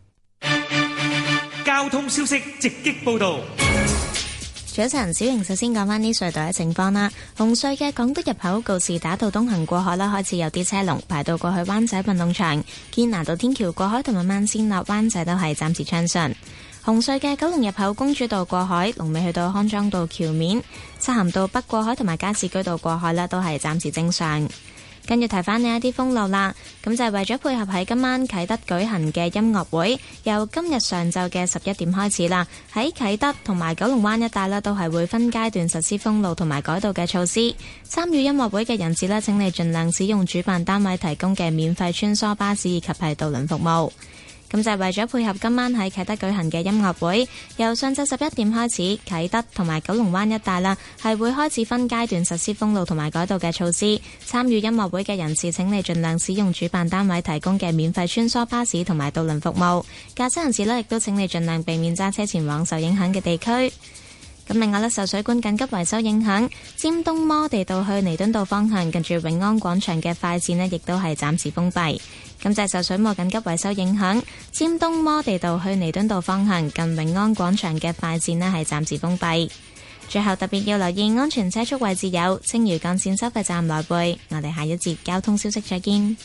S1: 畢。
S2: 交通消息直擊報道。早晨，小瑩首先講返呢隧道嘅情況啦。紅隧嘅港北入口告士打道東行過海啦，開始有啲車龍排到過去灣仔運動場，堅拿道天橋過海同埋慢線落灣仔都係暫時暢順。紅隧嘅九龍入口公主道過海，龍尾去到康莊道橋面，漆咸道北過海同埋加士居道過海啦，都係暫時正常。跟住提翻你一啲封路啦，咁就係為咗配合喺今晚啟德舉行嘅音樂會，由今日上晝嘅十一點開始啦。喺啟德同埋九龍灣一帶呢，都係會分階段實施封路同埋改道嘅措施。參與音樂會嘅人士呢，請你盡量使用主辦單位提供嘅免費穿梭巴士以及係渡輪服務。咁就係為咗配合今晚喺啟德舉行嘅音樂會，由上晝十一點開始，啟德同埋九龍灣一帶啦，係會開始分階段實施封路同埋改道嘅措施。參與音樂會嘅人士，請你盡量使用主辦單位提供嘅免費穿梭巴士同埋渡輪服務。駕車人士呢，亦都請你盡量避免揸車前往受影響嘅地區。咁另外呢，受水管緊急維修影響，尖東摩地道去彌敦道方向近住永安廣場嘅快線呢，亦都係暫時封閉。咁就受水務緊急維修影響，尖東摩地道去彌敦道方向近永安廣場嘅快線咧係暫時封閉。最後特別要留意安全車速位置，有青嶼幹線收費站來背。我哋下一節交通消息再見。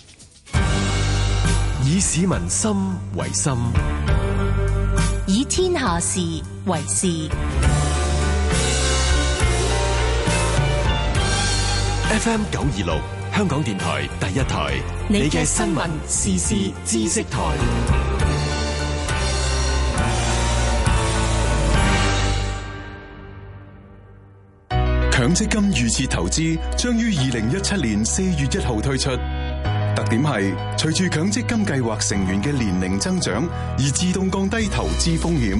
S3: 以市民心為心，
S8: 以天下事為事。
S6: F M 九二六。 <music> <music> FM926 香港電台第一台，
S3: 你嘅新聞時事知識台。
S1: 強積金預設投資將於二零一七年四月一號推出，特點係隨住強積金計劃成員嘅年齡增長而自動降低投資風險，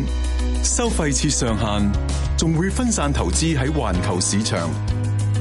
S1: 收費設上限，仲會分散投資喺環球市場。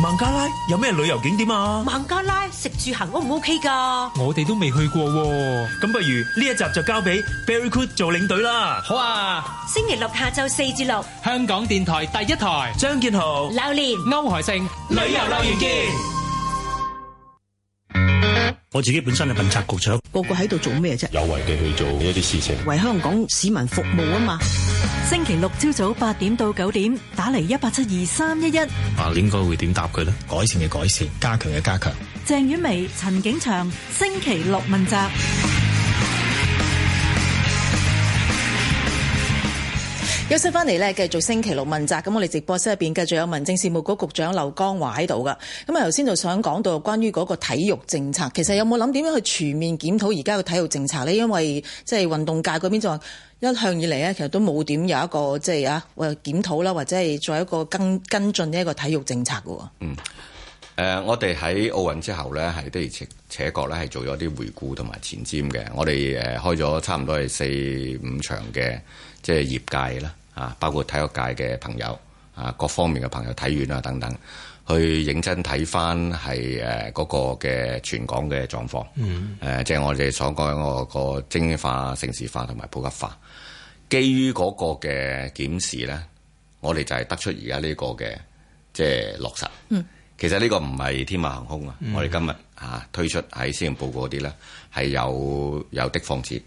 S1: 孟加拉有咩旅遊景點啊？
S8: 孟加拉食住行 O 唔 OK 噶？
S5: 我哋都未去過，咁不如呢一集就交
S1: 俾 Very Good 做領隊啦。好啊，
S8: 星期六下晝四至六，香港電
S1: 台第一台，張建豪、劉蓮、歐海盛，旅遊留言見。見我自己本身係問責局長，個個喺度做咩啫？有為地去做一啲事情，
S4: 為香港市民服務啊嘛！星期六朝早八點到九點，打嚟一八七二三一
S5: 一。啊，應該會點答佢咧？改善嘅改善，加強嘅加強。
S4: 鄭婉薇、陳景祥，星期六問責。休息翻嚟咧，繼續星期六問責。咁我哋直播室入邊繼續有民政事務局局長劉江華喺度㗎。咁啊，頭先就想講到關於嗰個體育政策，其實有冇諗點樣去全面檢討而家嘅體育政策呢？因為即係運動界嗰邊就話一向以嚟咧，其實都冇點有，有一個即係、就是、啊，檢討啦，或者係作一個跟跟進一個體育政策嘅。嗯，誒、
S6: 呃，我哋喺奧運之後呢，係的而且且確咧係做咗啲回顧同埋前瞻嘅。我哋誒開咗差唔多係四五場嘅即係業界啦。啊，包括體育界嘅朋友啊，各方面嘅朋友、體院啊等等，去認真睇翻係誒嗰個嘅全港嘅狀況。誒，即係我哋所講嗰個精英化、城市化同埋普及化。基於嗰個嘅檢視咧，我哋就係得出而家呢個嘅即係落實。Mm. 其實呢個唔係天馬行空啊！Mm. 我哋今日推出喺《施政報告》嗰啲咧，係有有的放矢。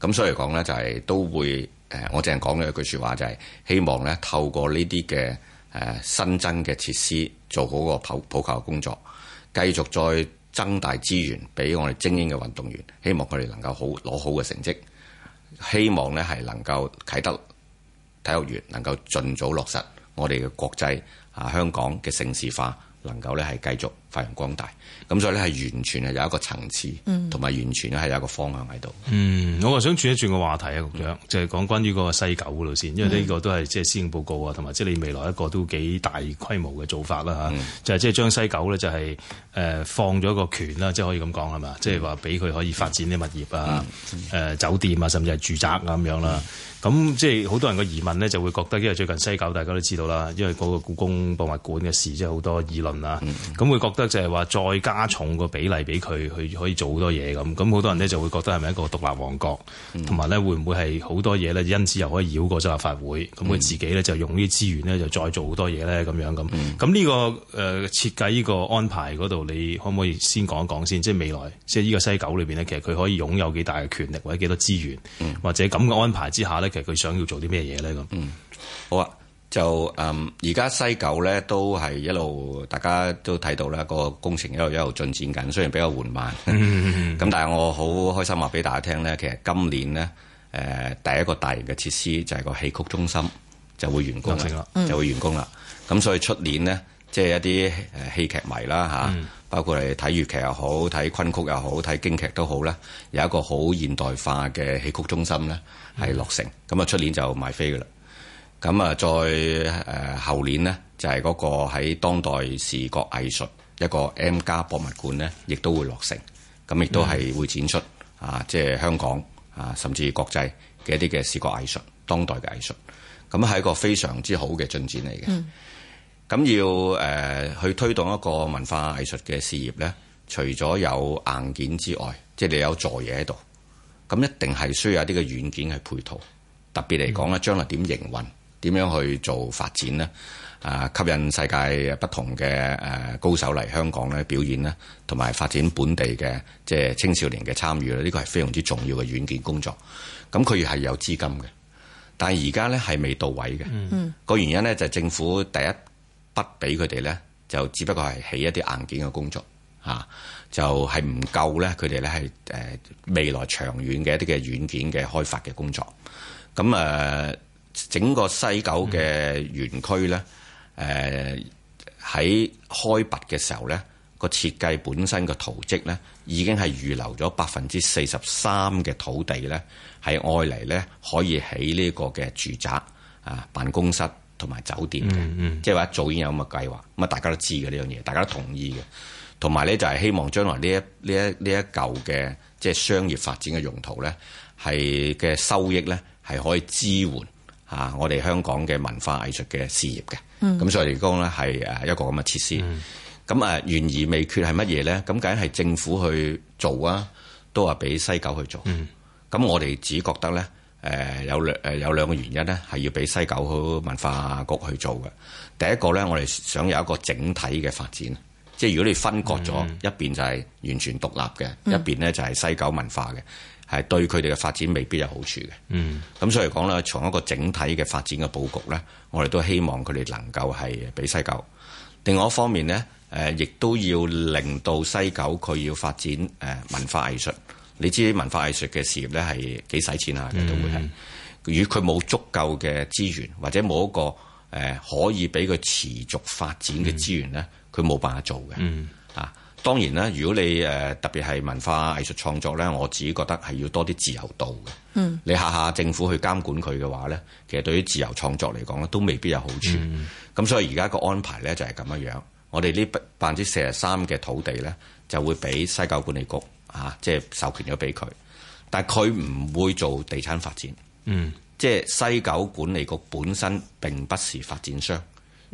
S6: 咁所以講咧，就係都會。誒，我淨係講咗一句説話，就是，就係希望咧透過呢啲嘅誒新增嘅設施，做好個普普及嘅工作，繼續再增大資源俾我哋精英嘅運動員，希望佢哋能夠好攞好嘅成績，希望咧係能夠啟德體育園能夠盡早落實我哋嘅國際啊香港嘅城市化，能夠咧係繼續，發揚光大，
S5: 咁所以咧係完全係有一個層次，同埋完全係有一個方向喺度。嗯，我想轉一轉個話題啊，局長，嗯、就係、是、講關於個西九嗰度先，因為呢個都係即係施政報告啊，同埋即係你未來一個都幾大規模嘅做法啦吓、嗯。就係即係將西九咧、就是呃，就係誒放咗一個權啦，即係可以咁講係嘛，即係話俾佢可以發展啲物業啊，誒、嗯呃、酒店啊，甚至係住宅咁樣啦。咁即係好多人個疑問咧，就會覺得因為最近西九大家都知道啦，因為嗰個故宮博物館嘅事，即係好多議論啊，咁、嗯、會覺得。就係、是、話再加重個比例俾佢，佢可以做好多嘢咁。咁好多人呢就會覺得係咪一個獨立王國，同埋呢會唔會係好多嘢呢？因此又可以繞過咗立法會，咁佢自己呢就用呢啲資源呢，就再做好多嘢呢。咁樣咁。咁呢個誒設計呢個安排嗰度，你可唔可以先講一講先？即係未來，即係呢個西九裏面呢，其實佢可以擁有幾大嘅權力或、嗯，或者幾多資源，或者咁嘅安排之下呢，其實佢想要做啲咩嘢呢？咁、嗯。好啊。就
S6: 嗯，而家西九咧都係一路，大家都睇到啦、個工程一路一路進展緊，雖然比較緩慢。咁、mm -hmm. <laughs> 但係我好開心話俾大家聽咧，其實今年咧誒、呃、第一個大型嘅設施就係個戲曲中心就會完工啦，就會完工啦。咁、mm -hmm. 所以出年咧，即係一啲戲劇迷啦吓，啊 mm -hmm. 包括係睇粵劇又好，睇崑曲又好，睇京劇都好啦，有一個好現代化嘅戲曲中心咧係落成。咁啊出年就買飛㗎啦。咁啊，再、呃、誒後年咧，就係、是、嗰個喺當代視覺藝術一個 M+ 博物館咧，亦都會落成。咁亦都係會展出、嗯、啊，即係香港啊，甚至國際嘅一啲嘅視覺藝術當代嘅藝術，咁係一個非常之好嘅進展嚟嘅。咁、嗯、要誒、呃、去推動一個文化藝術嘅事業咧，除咗有硬件之外，即係你有座嘢喺度，咁一定係需要有啲嘅軟件去配套。特別嚟講咧，將來點營運。點樣去做發展呢？啊，吸引世界不同嘅高手嚟香港咧表演咧，同埋發展本地嘅即係青少年嘅參與，呢個係非常之重要嘅軟件工作。咁佢要係有資金嘅，但係而家呢係未到位嘅。個個原因呢，就政府第一不俾佢哋呢，就只不過係起一啲硬件嘅工作吓，就係唔夠呢。佢哋呢係誒未來長遠嘅一啲嘅軟件嘅開發嘅工作。咁誒。整個西九嘅園區咧，誒、嗯、喺、呃、開發嘅時候咧，個設計本身個圖則咧，已經係預留咗百分之四十三嘅土地咧，係外嚟咧可以起呢個嘅住宅啊、辦公室同埋酒店嘅，即係話早已經有咁嘅計劃咁啊！大家都知嘅呢樣嘢，大家都同意嘅。同埋咧，就係希望將來呢一呢一呢一舊嘅即係商業發展嘅用途咧，係嘅收益咧係可以支援。啊！我哋香港嘅文化藝術嘅事業嘅，咁、嗯、所以嚟講咧係一個咁嘅設施。咁誒懸而未決係乜嘢咧？咁梗係政府去做啊，都話俾西九去做。咁、嗯、我哋只覺得咧誒有，有兩有兩個原因咧，係要俾西九文化局去做嘅。第一個咧，我哋想有一個整體嘅發展，即係如果你分割咗、嗯、一邊就係完全獨立嘅、嗯，一邊咧就係西九文化嘅。係對佢哋嘅發展未必有好處嘅，咁、嗯、所以講啦，從一個整體嘅發展嘅佈局咧，我哋都希望佢哋能夠係俾西九。另外一方面咧，誒、呃、亦都要令到西九佢要發展誒、呃、文化藝術。你知文化藝術嘅事業咧係幾使錢啊，嘅、嗯、都會係。如果佢冇足夠嘅資源，或者冇一個誒、呃、可以俾佢持續發展嘅資源咧，佢、嗯、冇辦法做嘅。嗯，啊。當然啦，如果你誒特別係文化藝術創作咧，我自己覺得係要多啲自由度嘅。嗯，你下下政府去監管佢嘅話咧，其實對於自由創作嚟講咧，都未必有好處。咁，嗯，所以而家個安排咧就係咁樣。我哋呢百分之四十三嘅土地咧，就會俾西九管理局啊，即係授權咗俾佢。但係佢唔會做地產發展。嗯，即係西九管理局本身並不是發展商，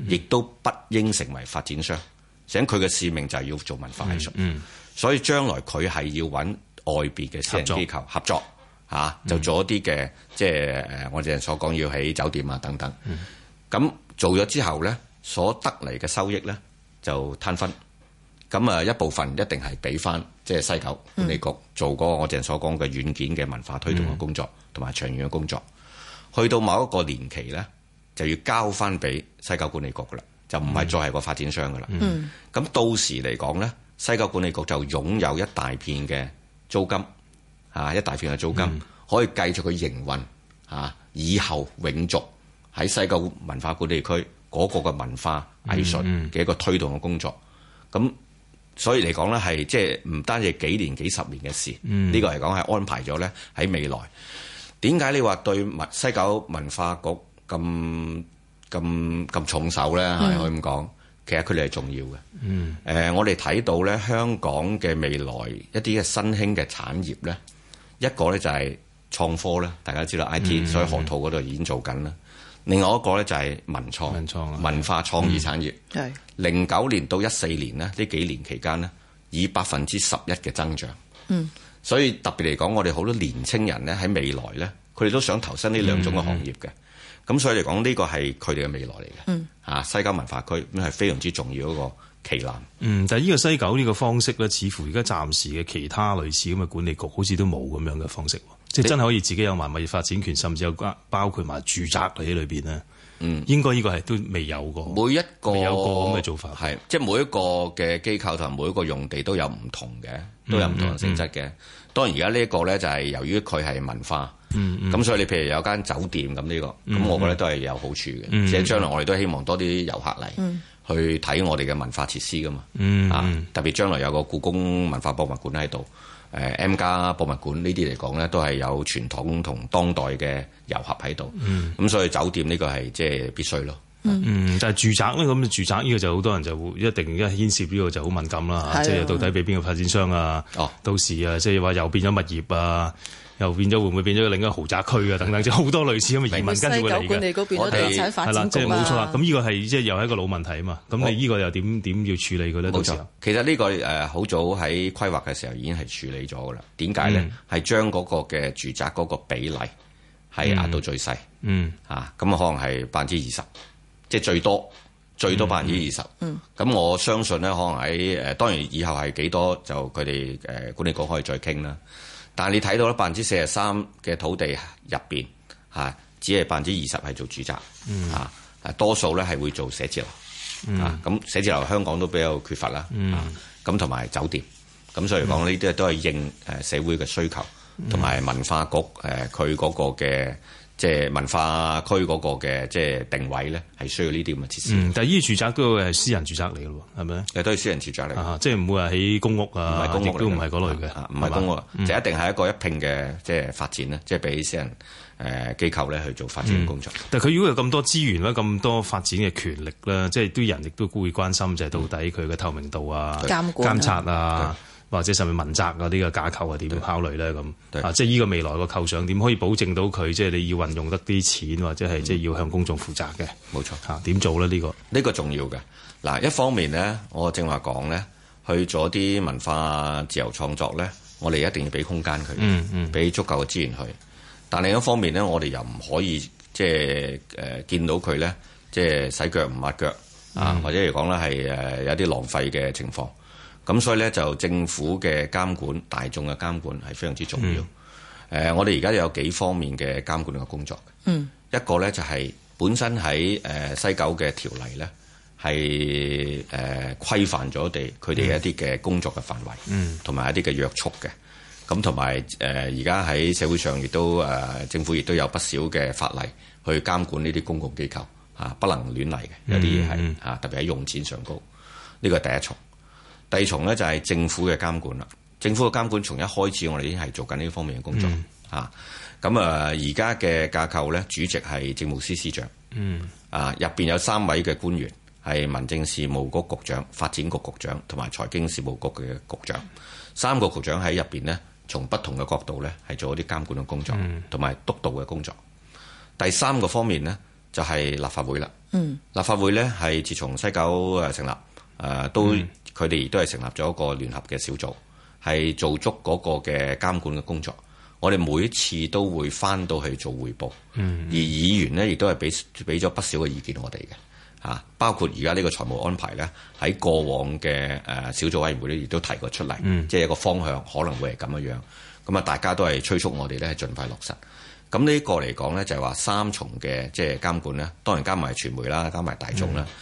S6: 亦都不應成為發展商。嗯嗯所以佢嘅使命就係要做文化藝術、嗯嗯，所以將來佢係要揾外邊嘅私人機構合作，吓、啊、就做一啲嘅，即係誒我哋人所講要起酒店啊等等。咁、嗯、做咗之後咧，所得嚟嘅收益咧就攤分，咁啊一部分一定係俾翻即係西九管理局做嗰個我哋所講嘅軟件嘅文化推動嘅工作，同、嗯、埋長遠嘅工作。去到某一個年期咧，就要交翻俾西九管理局噶啦。就唔係再係個發展商噶啦，咁、嗯、到時嚟講咧，西九管理局就擁有一大片嘅租金，啊，一大片嘅租金、嗯、可以繼續去營運，啊，以後永續喺西九文化管理區嗰個嘅文化藝術嘅一個推動嘅工作，咁、嗯嗯、所以嚟講咧係即係唔單止幾年幾十年嘅事，呢個嚟講係安排咗咧喺未來。點解你話對西九文化局咁？咁咁重手咧，係可以咁講，其實佢哋係重要嘅、嗯呃。我哋睇到咧，香港嘅未來一啲嘅新興嘅產業咧，一個咧就係創科啦，大家知道 IT，、嗯、所以學套嗰度已經做緊啦、嗯。另外一個咧就係、嗯、文創，文化創意產業。
S7: 係
S6: 零九年到一四年咧，呢幾年期間咧，以百分之十一嘅增長。嗯，所以特別嚟講，我哋好多年青人咧喺未來咧，佢哋都想投身呢兩種嘅行業嘅。嗯。咁所以嚟講，呢個係佢哋嘅未來嚟
S5: 嘅、嗯，西九文化區咁係非常之重要一個旗艦。嗯，但係呢個西九呢個方式咧，似乎而家暫時嘅其他類似咁嘅管理局，好似都冇咁樣嘅方式，即係真係可以自己有埋物業發展權，甚至有包括埋住宅喺裏面咧。嗯，應該呢個係都未有過
S6: 每一個個咁嘅做法，即係、就是、每一個嘅機構同埋每一個用地都有唔同嘅、嗯，都有唔同嘅性質嘅。嗯嗯當然，而家呢個呢就係由於佢係文化，咁、mm -hmm. 所以你譬如有間酒店咁呢、呢個，咁、mm -hmm. 我覺得都係有好處嘅。即、mm、係 -hmm. 將來我哋都希望多啲遊客嚟、mm -hmm. 去睇我哋嘅文化設施噶嘛。Mm -hmm. 啊，特別將來有個故宮文化博物館喺度、呃、，M+ 博物館呢啲嚟講呢，都係有傳統同
S5: 當代嘅遊客喺度。
S6: 咁、
S7: mm
S5: -hmm. 所以酒店呢個係即係必須咯。Mm. 嗯，但係住宅咧，咁住宅呢個就好多人就會一定一牽涉呢個就好敏感啦，即係、就是、到底俾邊個發展商啊？哦、oh，到時啊，即係話又變咗物業啊，又變咗會唔會變咗另一個豪宅區啊？等等，即好多類似咁嘅移民跟住嚟嘅。我哋係啦，即係冇錯啦。咁呢個係即係又係一個老問題啊嘛。咁你呢個又點點要處理佢咧？冇錯，其實呢個誒好早
S6: 喺規劃嘅時候已經係處理咗噶啦。點解咧？係、嗯、將嗰個嘅住宅嗰個比例係壓到最細。嗯、嚇、嗯、咁、啊、可能係百分之二十。即係最多最多百分之二十，咁、嗯嗯、我相信咧，可能喺誒當然以後係幾多就佢哋誒管理局可以再傾啦。但係你睇到咧，百分之四十三嘅土地入面，只係百分之二十係做住宅嚇、嗯，多數咧係會做寫字樓
S7: 嚇。
S6: 咁、嗯、寫字樓香港都比較缺乏啦，嗯，咁同埋酒店咁，所以講呢啲都係應社會嘅需求同埋文化局佢嗰、呃、個嘅。即、就、係、是，文化區嗰個嘅即係定位咧，係需要呢啲咁嘅設
S5: 施、嗯。但係呢啲住宅都係私人住宅嚟咯，係咪？誒，都係私人住宅嚟。啊，即係唔會話喺公屋啊，亦都唔係嗰類嘅。啊、唔、啊、係公屋是，就一定係一個一拼嘅即係發展咧，即係俾
S6: 私人誒機構咧去做發展嘅工作。嗯、
S5: 但係佢如果有咁多資源咧，咁多發展嘅權力咧，即係啲人亦都會關心，就係到底佢嘅透明度啊、監管、嗯、監察啊。或者甚至問責嗰啲嘅架構係點考慮咧咁啊？即係呢個未來個構想點可以保證到佢，即係你要運用得啲錢或者係即係要向公眾負責嘅？冇錯，點、啊、做咧？
S6: 呢個呢個重要嘅嗱。一方面咧，我正話講咧，去咗啲文化自由創作咧，我哋一定要俾空間佢，俾、嗯嗯、足夠嘅資源佢。但另一方面咧，我哋又唔可以即係誒、呃、見到佢咧，即係洗腳唔抹腳、嗯、啊，或者嚟講咧係誒有啲浪費嘅情況。咁所以咧，就政府嘅監管、大眾嘅監管係非常之重要。誒、嗯呃，我哋而家有幾方面嘅監管嘅工作，嗯、一個咧就係、是、本身喺、呃、西九嘅條例咧，係誒、呃、規範咗哋佢哋一啲嘅工作嘅範圍，同、嗯、埋一啲嘅約束嘅。咁同埋誒，而家喺社會上亦都誒、呃，政府亦都有不少嘅法例去監管呢啲公共機構、啊、不能亂嚟嘅、嗯。有啲嘢係、啊、特別喺用錢上高，呢個第一重。第二重咧就係政府嘅監管啦，政府嘅監管從一開始我哋已經係做緊呢方面嘅工作嚇。咁、嗯、啊，而家嘅架構咧，主席係政務司司長，嗯、啊入邊有三位嘅官員係民政事務局局長、發展局局長同埋財經事務局嘅局長，三個局長喺入邊呢，從不同嘅角度咧係做一啲監管嘅工作，同、嗯、埋督導嘅工作。第三個方面呢，就係、是、立法會啦。嗯，立法會咧係自從西九誒成立誒、呃、都、嗯。佢哋亦都係成立咗一個聯合嘅小組，係做足嗰個嘅監管嘅工作。我哋每一次都會返到去做彙報、嗯，而議員咧亦都係俾俾咗不少嘅意見我哋嘅。啊，包括而家呢個財務安排咧，喺過往嘅誒、呃、小組委員會咧亦都提過出嚟、嗯，即係一個方向可能會係咁樣樣。咁、嗯、啊，大家都係催促我哋咧，係盡快落實。咁呢一個嚟講咧，就係、是、話三重嘅即係監管咧，當然加埋傳媒啦，加埋大眾啦。嗯。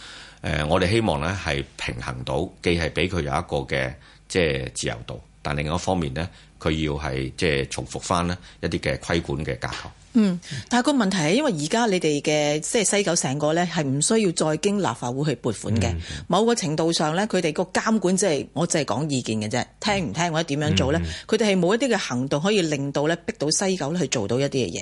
S6: 誒、呃，我哋希望呢係平衡到，既係俾佢有一個嘅即係自由度，但另外一方面呢，佢要係即係重複翻呢一啲嘅規管嘅架
S4: 構。嗯，但係個問題係，因為而家你哋嘅即係西九成個咧，係唔需要再經立法會去撥款嘅，嗯嗯。某個程度上咧，佢哋個監管即係我凈係講意見嘅啫，聽唔聽或者點樣做咧，佢哋係冇一啲嘅行動可以令到咧逼到西九去做到一啲嘅嘢。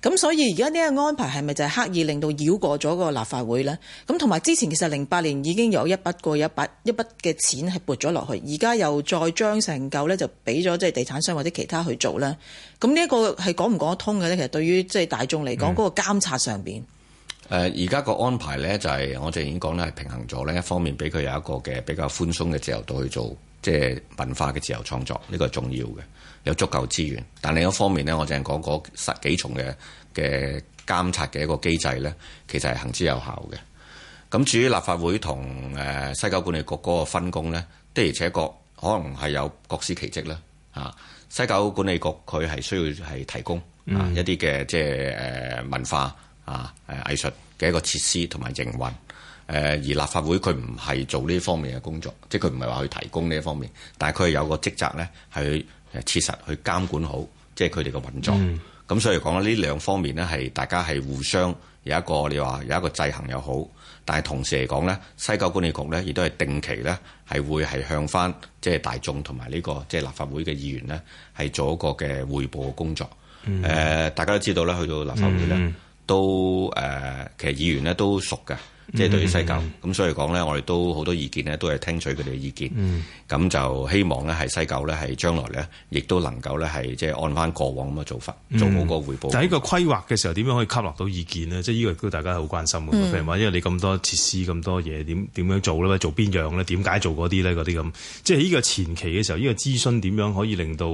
S4: 咁、嗯、所以而家呢個安排係咪就係刻意令到繞過咗個立法會咧？咁同埋之前其實零八年已經有一筆過一筆一筆嘅錢係撥咗落去，而家又再將成嚿咧就俾咗即係地產商或者其他去做咧。咁呢個個係講唔講得通嘅呢？其實對於即係大眾嚟講，嗰、那個監察上面，
S6: 誒而家個安排呢，就係、是、我哋已經講咧係平衡咗呢一方面俾佢有一個嘅比較寬鬆嘅自由度去做，即、就、係、是、文化嘅自由創作呢、這個係重要嘅，有足夠資源。但另一方面呢，我淨係講嗰十幾重嘅嘅監察嘅一個機制呢，其實係行之有效嘅。咁至於立法會同、呃、西九管理局嗰個分工呢，的而且確可能係有各司其職啦，啊西九管理局佢係需要係提供啊一啲嘅即係誒文化啊誒藝術嘅一個設施同埋營運誒。而立法會佢唔係做呢方面嘅工作，即係佢唔係話去提供呢方面，但係佢係有個職責咧係誒切實去監管好即係佢哋嘅運作。咁、嗯、所以講呢兩方面咧，係大家係互相有一個，你話有一個制衡又好。但係同時嚟講咧，西九管理局咧亦都係定期咧係會係向翻即係大眾同埋呢個即係立法會嘅議員咧係做一個嘅匯報嘅工作。mm. 呃。大家都知道咧，去到立法會咧、mm. 都、呃、其實議員咧都熟嘅。即、就、係、是、對於西九咁、嗯，所以講咧，我哋都好多意見咧，都係聽取佢哋嘅意見。咁、嗯、就希望咧，係西九咧，係將來咧，亦都能夠咧，係即係按翻過往咁嘅做法，嗯、做好個回
S5: 報。呢個規劃嘅時候，點樣可以吸納到意見咧？即係呢個亦都大家好關心。譬如話，因為你咁多設施、咁多嘢，點點樣，樣做咧？做邊樣咧？點解做嗰啲咧？嗰啲咁，即係呢個前期嘅時候，呢、這個諮詢點樣可以令到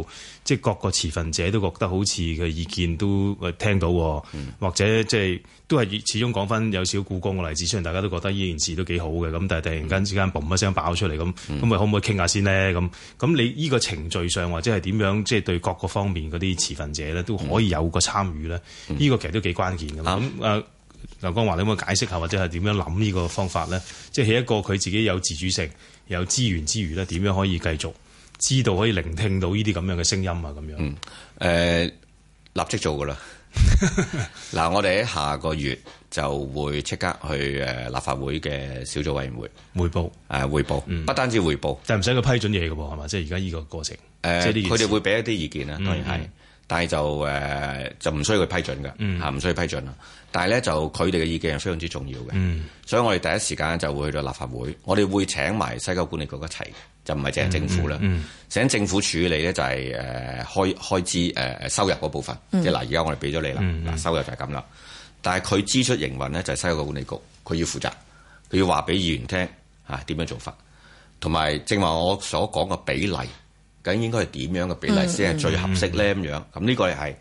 S5: 即係、就是、各個持份者都覺得好似嘅意見都聽到，嗯、或者即、就、係、是。都係始終講翻有少故宮個例子，雖然大家都覺得呢件事都幾好嘅，咁但係突然間之間嘣一聲爆出嚟咁，咁咪可唔可以傾下先呢？咁咁你呢個程序上或者係點樣，即係對各個方面嗰啲持份者咧都可以有個參與咧？呢、嗯呢個其實都幾關鍵嘅。咁、嗯、誒，嗯呃、劉江華，你可唔可以解釋下或者係點樣諗呢個方法咧？即係喺一個佢自己有自主性、有資源之餘咧，點樣可以繼續知道可以聆聽到呢啲咁樣嘅聲音啊？咁樣嗯、呃、立即做㗎啦！
S6: 嗱， <laughs> 我哋喺下個月就會即刻去誒立法會嘅小組委員會匯報誒匯、呃、報、嗯，不單止匯報，但唔使佢批准嘢嘅噃係嘛，即係而家呢個過程誒，佢、呃、哋、就是、會俾一啲意見啦，當然係、嗯嗯，但係就誒、呃、就唔需要佢批准嘅吓，唔、嗯、需要批准啦。但係咧就佢哋嘅意見係非常之重要嘅、嗯，所以我哋第一時間就會去到立法會，我哋會請埋西九管理局一齊，就唔係淨係政府啦、嗯嗯，請政府處理咧就係、是、誒、呃、開,開支誒、呃、收入嗰部分，嗯、即係嗱而家我哋俾咗你啦，嗱、嗯、收入就係咁啦，但係佢支出營運咧就係西九管理局，佢要負責，佢要話俾議員聽啊點樣做法，同埋正話我所講嘅比例，究竟應該係點樣嘅比例先係最合適咧咁、嗯嗯、樣，咁呢個係。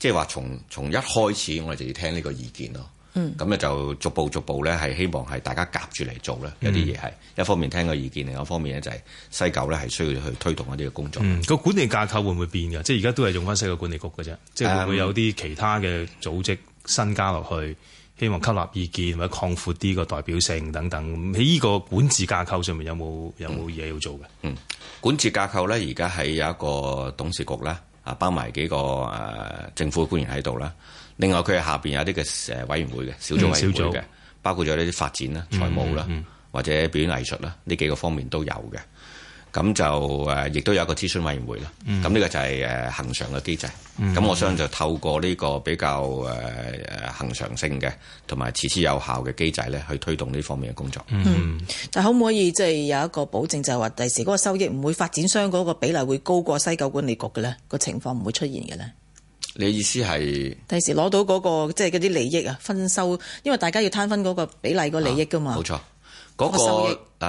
S6: 即係話從從一開始我哋就要聽呢個意見咯，咁、嗯、咧就逐步逐步咧係希望係大家夾住嚟做啦，有啲嘢係一方面聽個意見，另外一方面咧就係西九咧係需要去推
S5: 動一啲嘅工作。嗯，那個管理架構會唔會變嘅？即係而家都係用翻西九管理局嘅啫，即係會唔會有啲其他嘅組織新加落去、嗯，希望吸納意見或者擴闊啲個代表性等等。喺呢個管治架構上面有冇有冇嘢、嗯、要做嘅？嗯，管治架
S6: 構咧而家係有一個董事局啦。包埋幾個誒、呃、政府官員喺度啦，另外佢係下邊有啲嘅誒委員會嘅小組委員會嘅、嗯，包括咗呢啲發展啦、財務啦、嗯嗯，或者表演藝術啦，呢、嗯、幾個方面都有嘅。咁就誒，亦、啊、都有一個諮詢委員會啦。咁、嗯、呢個就係誒恆常嘅機制。咁、嗯、我想就透過呢個比較誒誒恆常性嘅，同埋持之有效嘅機制咧，去推動呢方面嘅工
S4: 作。嗯，嗯但係可唔可以即係有一個保證，就係話第時嗰個收益唔會發展商嗰個比例會高過西九管理局嘅咧？個情況唔會出現嘅咧？
S6: 你意思係
S4: 第時攞到嗰、那個即係嗰啲利益啊，分收，因為大家要攤分嗰個比例個利益噶嘛，冇、
S6: 啊、錯。嗰、那個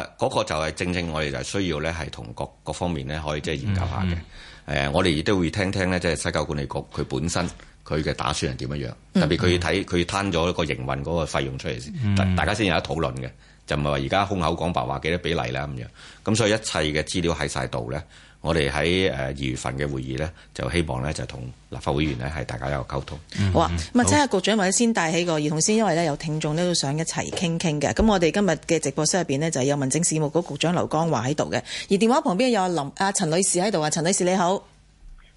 S6: 嗰、那個、就係正正我哋就係需要咧，係同各各方面咧可以即係研究下嘅。誒、嗯呃，我哋亦都會聽聽咧，即係西九管理局佢本身佢嘅打算係點樣樣，特別佢要睇佢攤咗個營運嗰個費用出嚟先、嗯，大家先有得討論嘅。就唔係話而家空口講白話幾多比例啦咁樣。咁所以一切嘅資料喺晒度咧。我哋喺誒二月份嘅會議呢，就希望呢，就同立法會員呢，係大家有溝通。
S4: 嗯、好啊，咁、嗯、啊，請、嗯、阿、嗯、局長或者先帶起個議題先，因為呢，有聽眾都想一齊傾傾嘅。咁我哋今日嘅直播室入面呢，就是、有民政事務局局、局長劉江華喺度嘅，而電話旁邊有阿林阿陳女士喺度啊，陳女士、陳女士你好，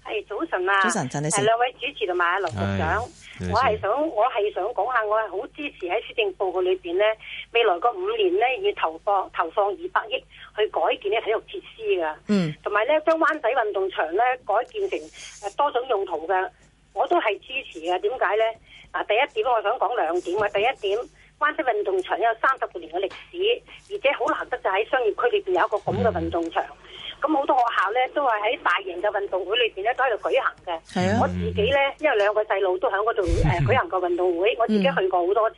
S4: 係早晨啊，早晨，陳女士，兩位
S8: 主持同埋阿劉局長，我係想我係想講下，我係好支持喺施政報告裏面呢，未來個五年呢，要投放投放二百億。去改建啲體育設施噶，同埋咧將灣仔運動場咧改建成誒多種用途嘅，我都係支持嘅。點解咧？第一點我想講兩點。第一點，灣仔運動場有三十年嘅歷史，而且好難得就喺商業區裏邊有一個咁嘅運動場。嗯咁好多學校咧，都係喺大型嘅運動會裏邊咧，都喺度舉行嘅。係啊，我自己咧，因為兩個細路都喺嗰度誒舉行過運動會， <laughs> 我自己去過好多次。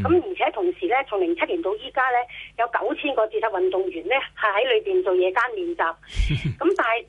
S8: 咁 <laughs> 而且同時咧，從零七年到依家咧，有九千個註冊運動員咧，係喺裏邊做夜間練習。咁 <laughs> 但係，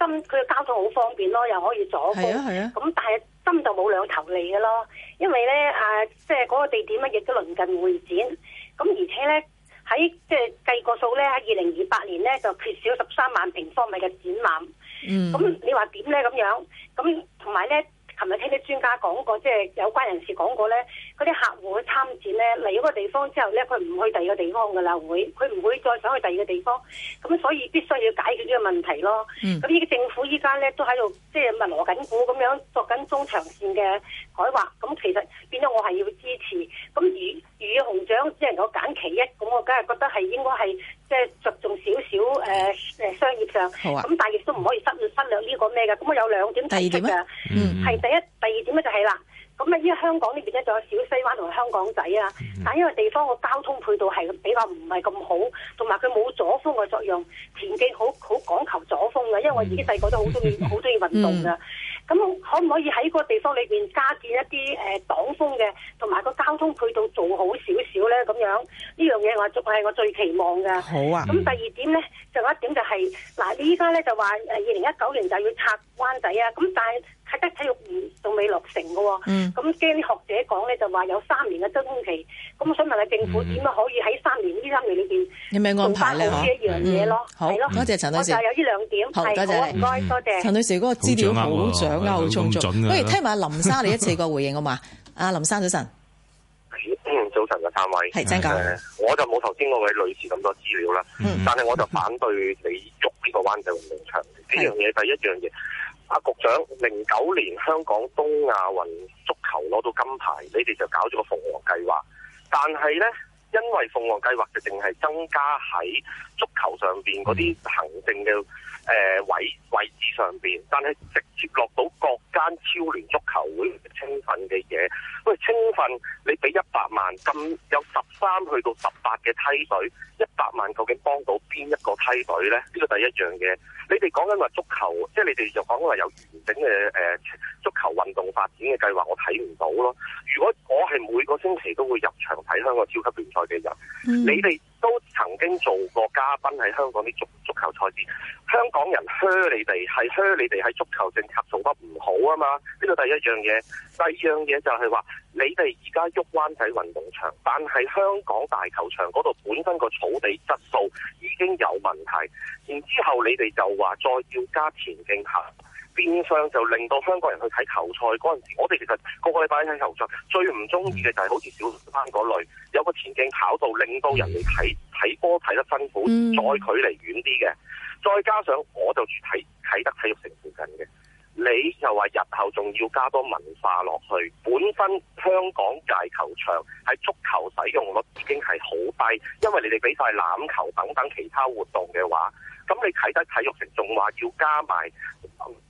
S8: 真佢嘅交通好方便咯，又可以阻高。係啊咁、啊、但係真就冇兩頭利嘅咯，因為咧啊，即係嗰個地點咧，亦都鄰近會展。咁而且咧。喺即係計個數咧，喺二零二八年咧就缺少十三萬平方米嘅展覽。嗯，咁你話點咧？咁樣，咁同埋咧，琴日聽啲專家講過，即係有關人士講過咧？嗰啲客戶去參展咧，嚟咗個地方之後咧，佢唔去第二個地方噶啦，會佢唔會再想去第二個地方，咁所以必須要解決呢個問題咯。咁、嗯、呢個政府依家咧都喺度即係密鑼緊鼓咁樣作緊中長線嘅規劃。咁其實變咗我係要支持。咁魚魚與熊掌，只能夠揀其一。咁我梗係覺得係應該係即係着重少少誒誒商業上。好啊。咁但係亦都唔可以忽，忽略呢個咩嘅。咁我有兩點提出嘅。嗯。係第一，第二點咧就係啦。咁啊！依家香港呢邊咧，就有小西灣同香港仔啊。但因為地方，交為 <laughs> 可可個，地方、呃、個交通配套係比較唔係咁好，同埋佢冇阻風嘅作用，田徑好好講求阻風嘅。因為我自己細個都好中意好中意運動噶。咁可唔可以喺個地方裏面加建一啲誒擋風嘅，同埋個交通配套做好少少咧？咁樣呢樣嘢我係我最期望嘅。好啊！咁第二點咧，就有一點就係、是、嗱，你依家咧就話誒二零一九年就要拆灣仔啊！咁但係。得體育園仲未落成嘅喎，咁驚啲學者講咧就話有三年嘅真空期，咁我想問下政府點樣可以喺三年呢、嗯、三年
S4: 裏邊做翻呢一樣嘢咯？好，多、嗯、謝，謝陳女士。有呢兩點。多、嗯、謝，謝，唔、嗯、該，多、哦、謝，謝、嗯、陳女士嗰、那個資料好掌握，好充足。不如、啊、聽埋林生你一次個回應啊嘛，阿 <laughs> 林生早晨。早晨嘅、啊、三位。係，我就
S3: 冇頭先嗰位女士咁多資料啦，但係我就反對你築呢個灣仔運動場呢樣嘢，第一樣嘢。阿局長，零九年香港東亞運足球攞到金牌，你哋就搞咗個鳳凰計劃，但係呢，因為鳳凰計劃就淨係增加喺足球上邊嗰啲行政嘅。誒位位置上邊，但係直接落到各間超聯足球會青訓嘅嘢，喂青訓你俾一百萬咁，咁有十三去到十八嘅梯隊，一百萬究竟幫到邊一個梯隊呢？呢、這個第一樣嘢，你哋講緊話足球，即、就、係、是、你哋又講係有完整嘅誒足球運動發展嘅計劃，我睇唔到咯。如果我係每個星期都會入場睇香港超級聯賽嘅人，嗯、你哋。都曾經做過嘉賓喺香港啲足足球賽事，香港人噓你哋係噓你哋喺足球政策做得唔好啊嘛，呢個第一樣嘢。第二樣嘢就係話，你哋而家喐灣仔運動場，但係香港大球場嗰度本身個草地質素已經有問題，然之後你哋就話再要加田徑行。變相就令到香港人去睇球賽嗰陣時，我哋其實個個禮拜睇球賽最唔中意嘅就係好似小學班嗰類，有個田徑跑道令到人哋睇睇波睇得辛苦，再距離遠啲嘅，再加上我就住喺啟德體育城附近嘅，你又話日後仲要加多文化落去，本身香港界球場喺足球使用率已經係好低，因為你哋畀晒籃球等等其他活動嘅話。咁你睇得體育城仲話要加埋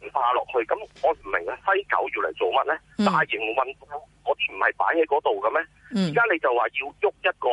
S3: 文化落去，咁我唔明啊！西九要嚟做乜咧？
S7: 大型運
S3: 動我哋唔係擺喺嗰度嘅咩？而家你就話要喐一個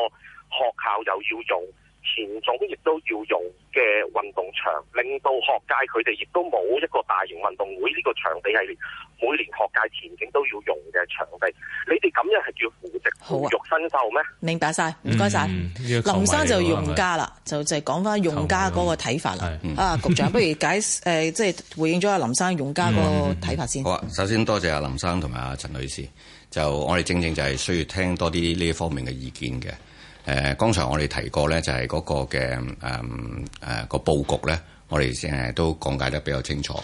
S3: 學校又要做。前總亦都要用嘅運動場，令到學界佢哋亦都冇一個大型運動會呢、這個場地系列，每年學界田徑都要用嘅場地。你哋咁樣係叫扶植培育新秀咩？
S4: 明白曬，唔該曬。林生就要用家啦、嗯，就就講翻用家嗰個睇法啦。啊，局長，不如解誒、呃，即係回應咗阿林生用家個睇法先、嗯。好
S6: 啊，首先多謝阿林生同埋阿陳女士，就我哋正正就係需要聽多啲呢一方面嘅意見嘅。誒、呃，剛才我哋提過呢就係，是，嗰個嘅誒誒個佈局呢，我哋先都講解得比較清楚。誒、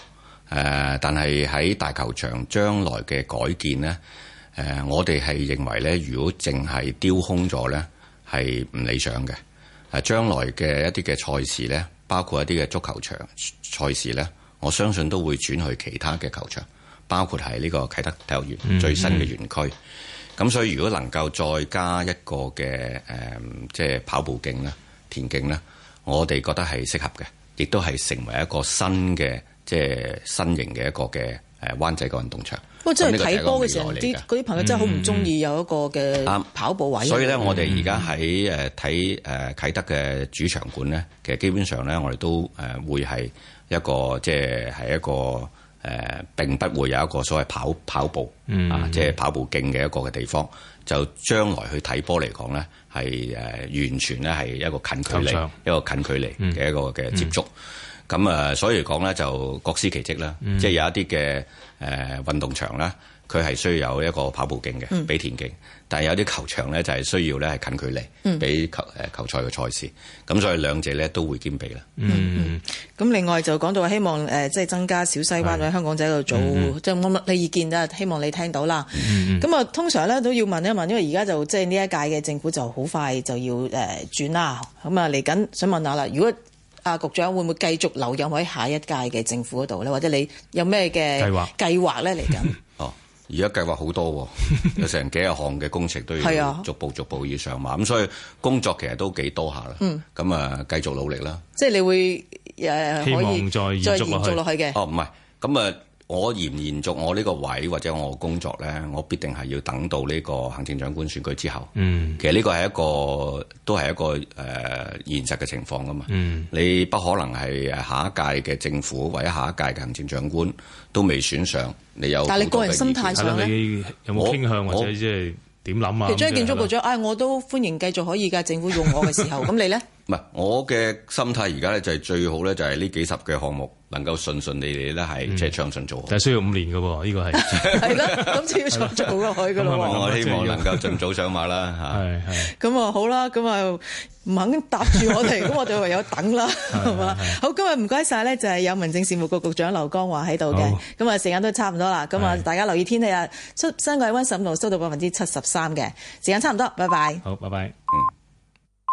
S6: 呃，但係喺大球場將來嘅改建呢，誒、呃，我哋係認為呢，如果淨係丟空咗呢係唔理想嘅。誒、呃，將來嘅一啲嘅賽事呢，包括一啲嘅足球場賽事呢，我相信都會轉去其他嘅球場，包括係呢個啟德體育園最新嘅園區。嗯嗯咁所以如果能夠再加一個嘅即係跑步徑咧、田徑咧，我哋覺得係適合嘅，亦都係成為一個新嘅即係新型嘅一個嘅誒灣仔個運動場。哇、啊！真係睇波嘅時候，啲
S4: 嗰啲朋友真係好唔中意有一個嘅跑步位。嗯、所以咧，我哋而
S6: 家喺誒睇誒啟德嘅主場館咧、嗯，其實基本上咧，我哋都誒會係一個即係係一個。就是誒、呃，並不會有一個所謂跑跑步啊，即係跑步徑嘅一個嘅地方，嗯、就將來去睇波嚟講咧，係誒、呃、完全咧係一個近距離，一個近距離嘅一個嘅接觸。嗯嗯咁啊，所以講咧就各司其職啦、嗯，即係有一啲嘅誒運動場啦，佢係需要有一個跑步徑嘅，俾田徑、嗯；但係有啲球場咧就係需要咧係近距離，俾、嗯、球球賽嘅賽事。咁所以兩者咧都會兼備啦。嗯，
S4: 咁、嗯嗯、另外就講到希望即係增加小西灣喺香港仔度做，即係我問你意見啦。希望你聽到啦。咁、嗯、啊，通常咧都要問一問，因為而家就即係呢一屆嘅政府就好快就要誒轉啦。咁啊，嚟緊想問下啦，如果啊！局長會唔會繼續留任喺下一屆嘅政府嗰度咧？或者你有咩嘅計劃計劃咧嚟緊？
S6: <laughs> 哦，而家計劃好多，有成幾廿項嘅工程都要逐步逐步要上馬，咁、 <laughs> 啊、所以工作其實都幾多下啦。嗯，咁啊，繼續努力啦。
S4: 即係你會誒、啊，希望再再延續落去嘅。哦，唔
S6: 係，咁啊。我延唔延續我呢個位或者我工作咧，我必定係要等到呢個行政長官選舉之後。嗯、其實呢個係一個都係一個誒、呃、現實嘅情況㗎嘛。嗯、你不可能係下一屆嘅政府或者下一屆嘅行政長官都未選上，你有。但係你個人心態上咧，你有冇傾向我或者即係點諗啊？建築局
S4: 長，唉的、哎，我都歡迎繼續可以㗎，政府用我嘅時候，咁 <laughs> 你咧？
S6: 唔係，我嘅心態而家咧就係最好咧、嗯，就係呢幾十嘅項目能夠順順利利咧，係即係暢順做好。但係需要五年噶喎，呢、這個係係
S4: 啦，咁 <laughs> <laughs> 就要早做咯，可以噶啦。我希望能夠
S6: 盡早上馬啦，
S4: 吓。 <laughs> 咁啊，好啦，咁啊唔肯搭住我哋，咁 <laughs> 我哋唯有等啦，係嘛、啊。好，今日唔該晒咧，就係、是、有民政事務局局長劉江華喺度嘅。咁、哦、啊，時間都差唔多啦。咁啊，大家留意天氣啊，出新界溫十五度，濕度百分之七十三嘅時間差唔多，拜拜。
S5: 好，拜拜。嗯。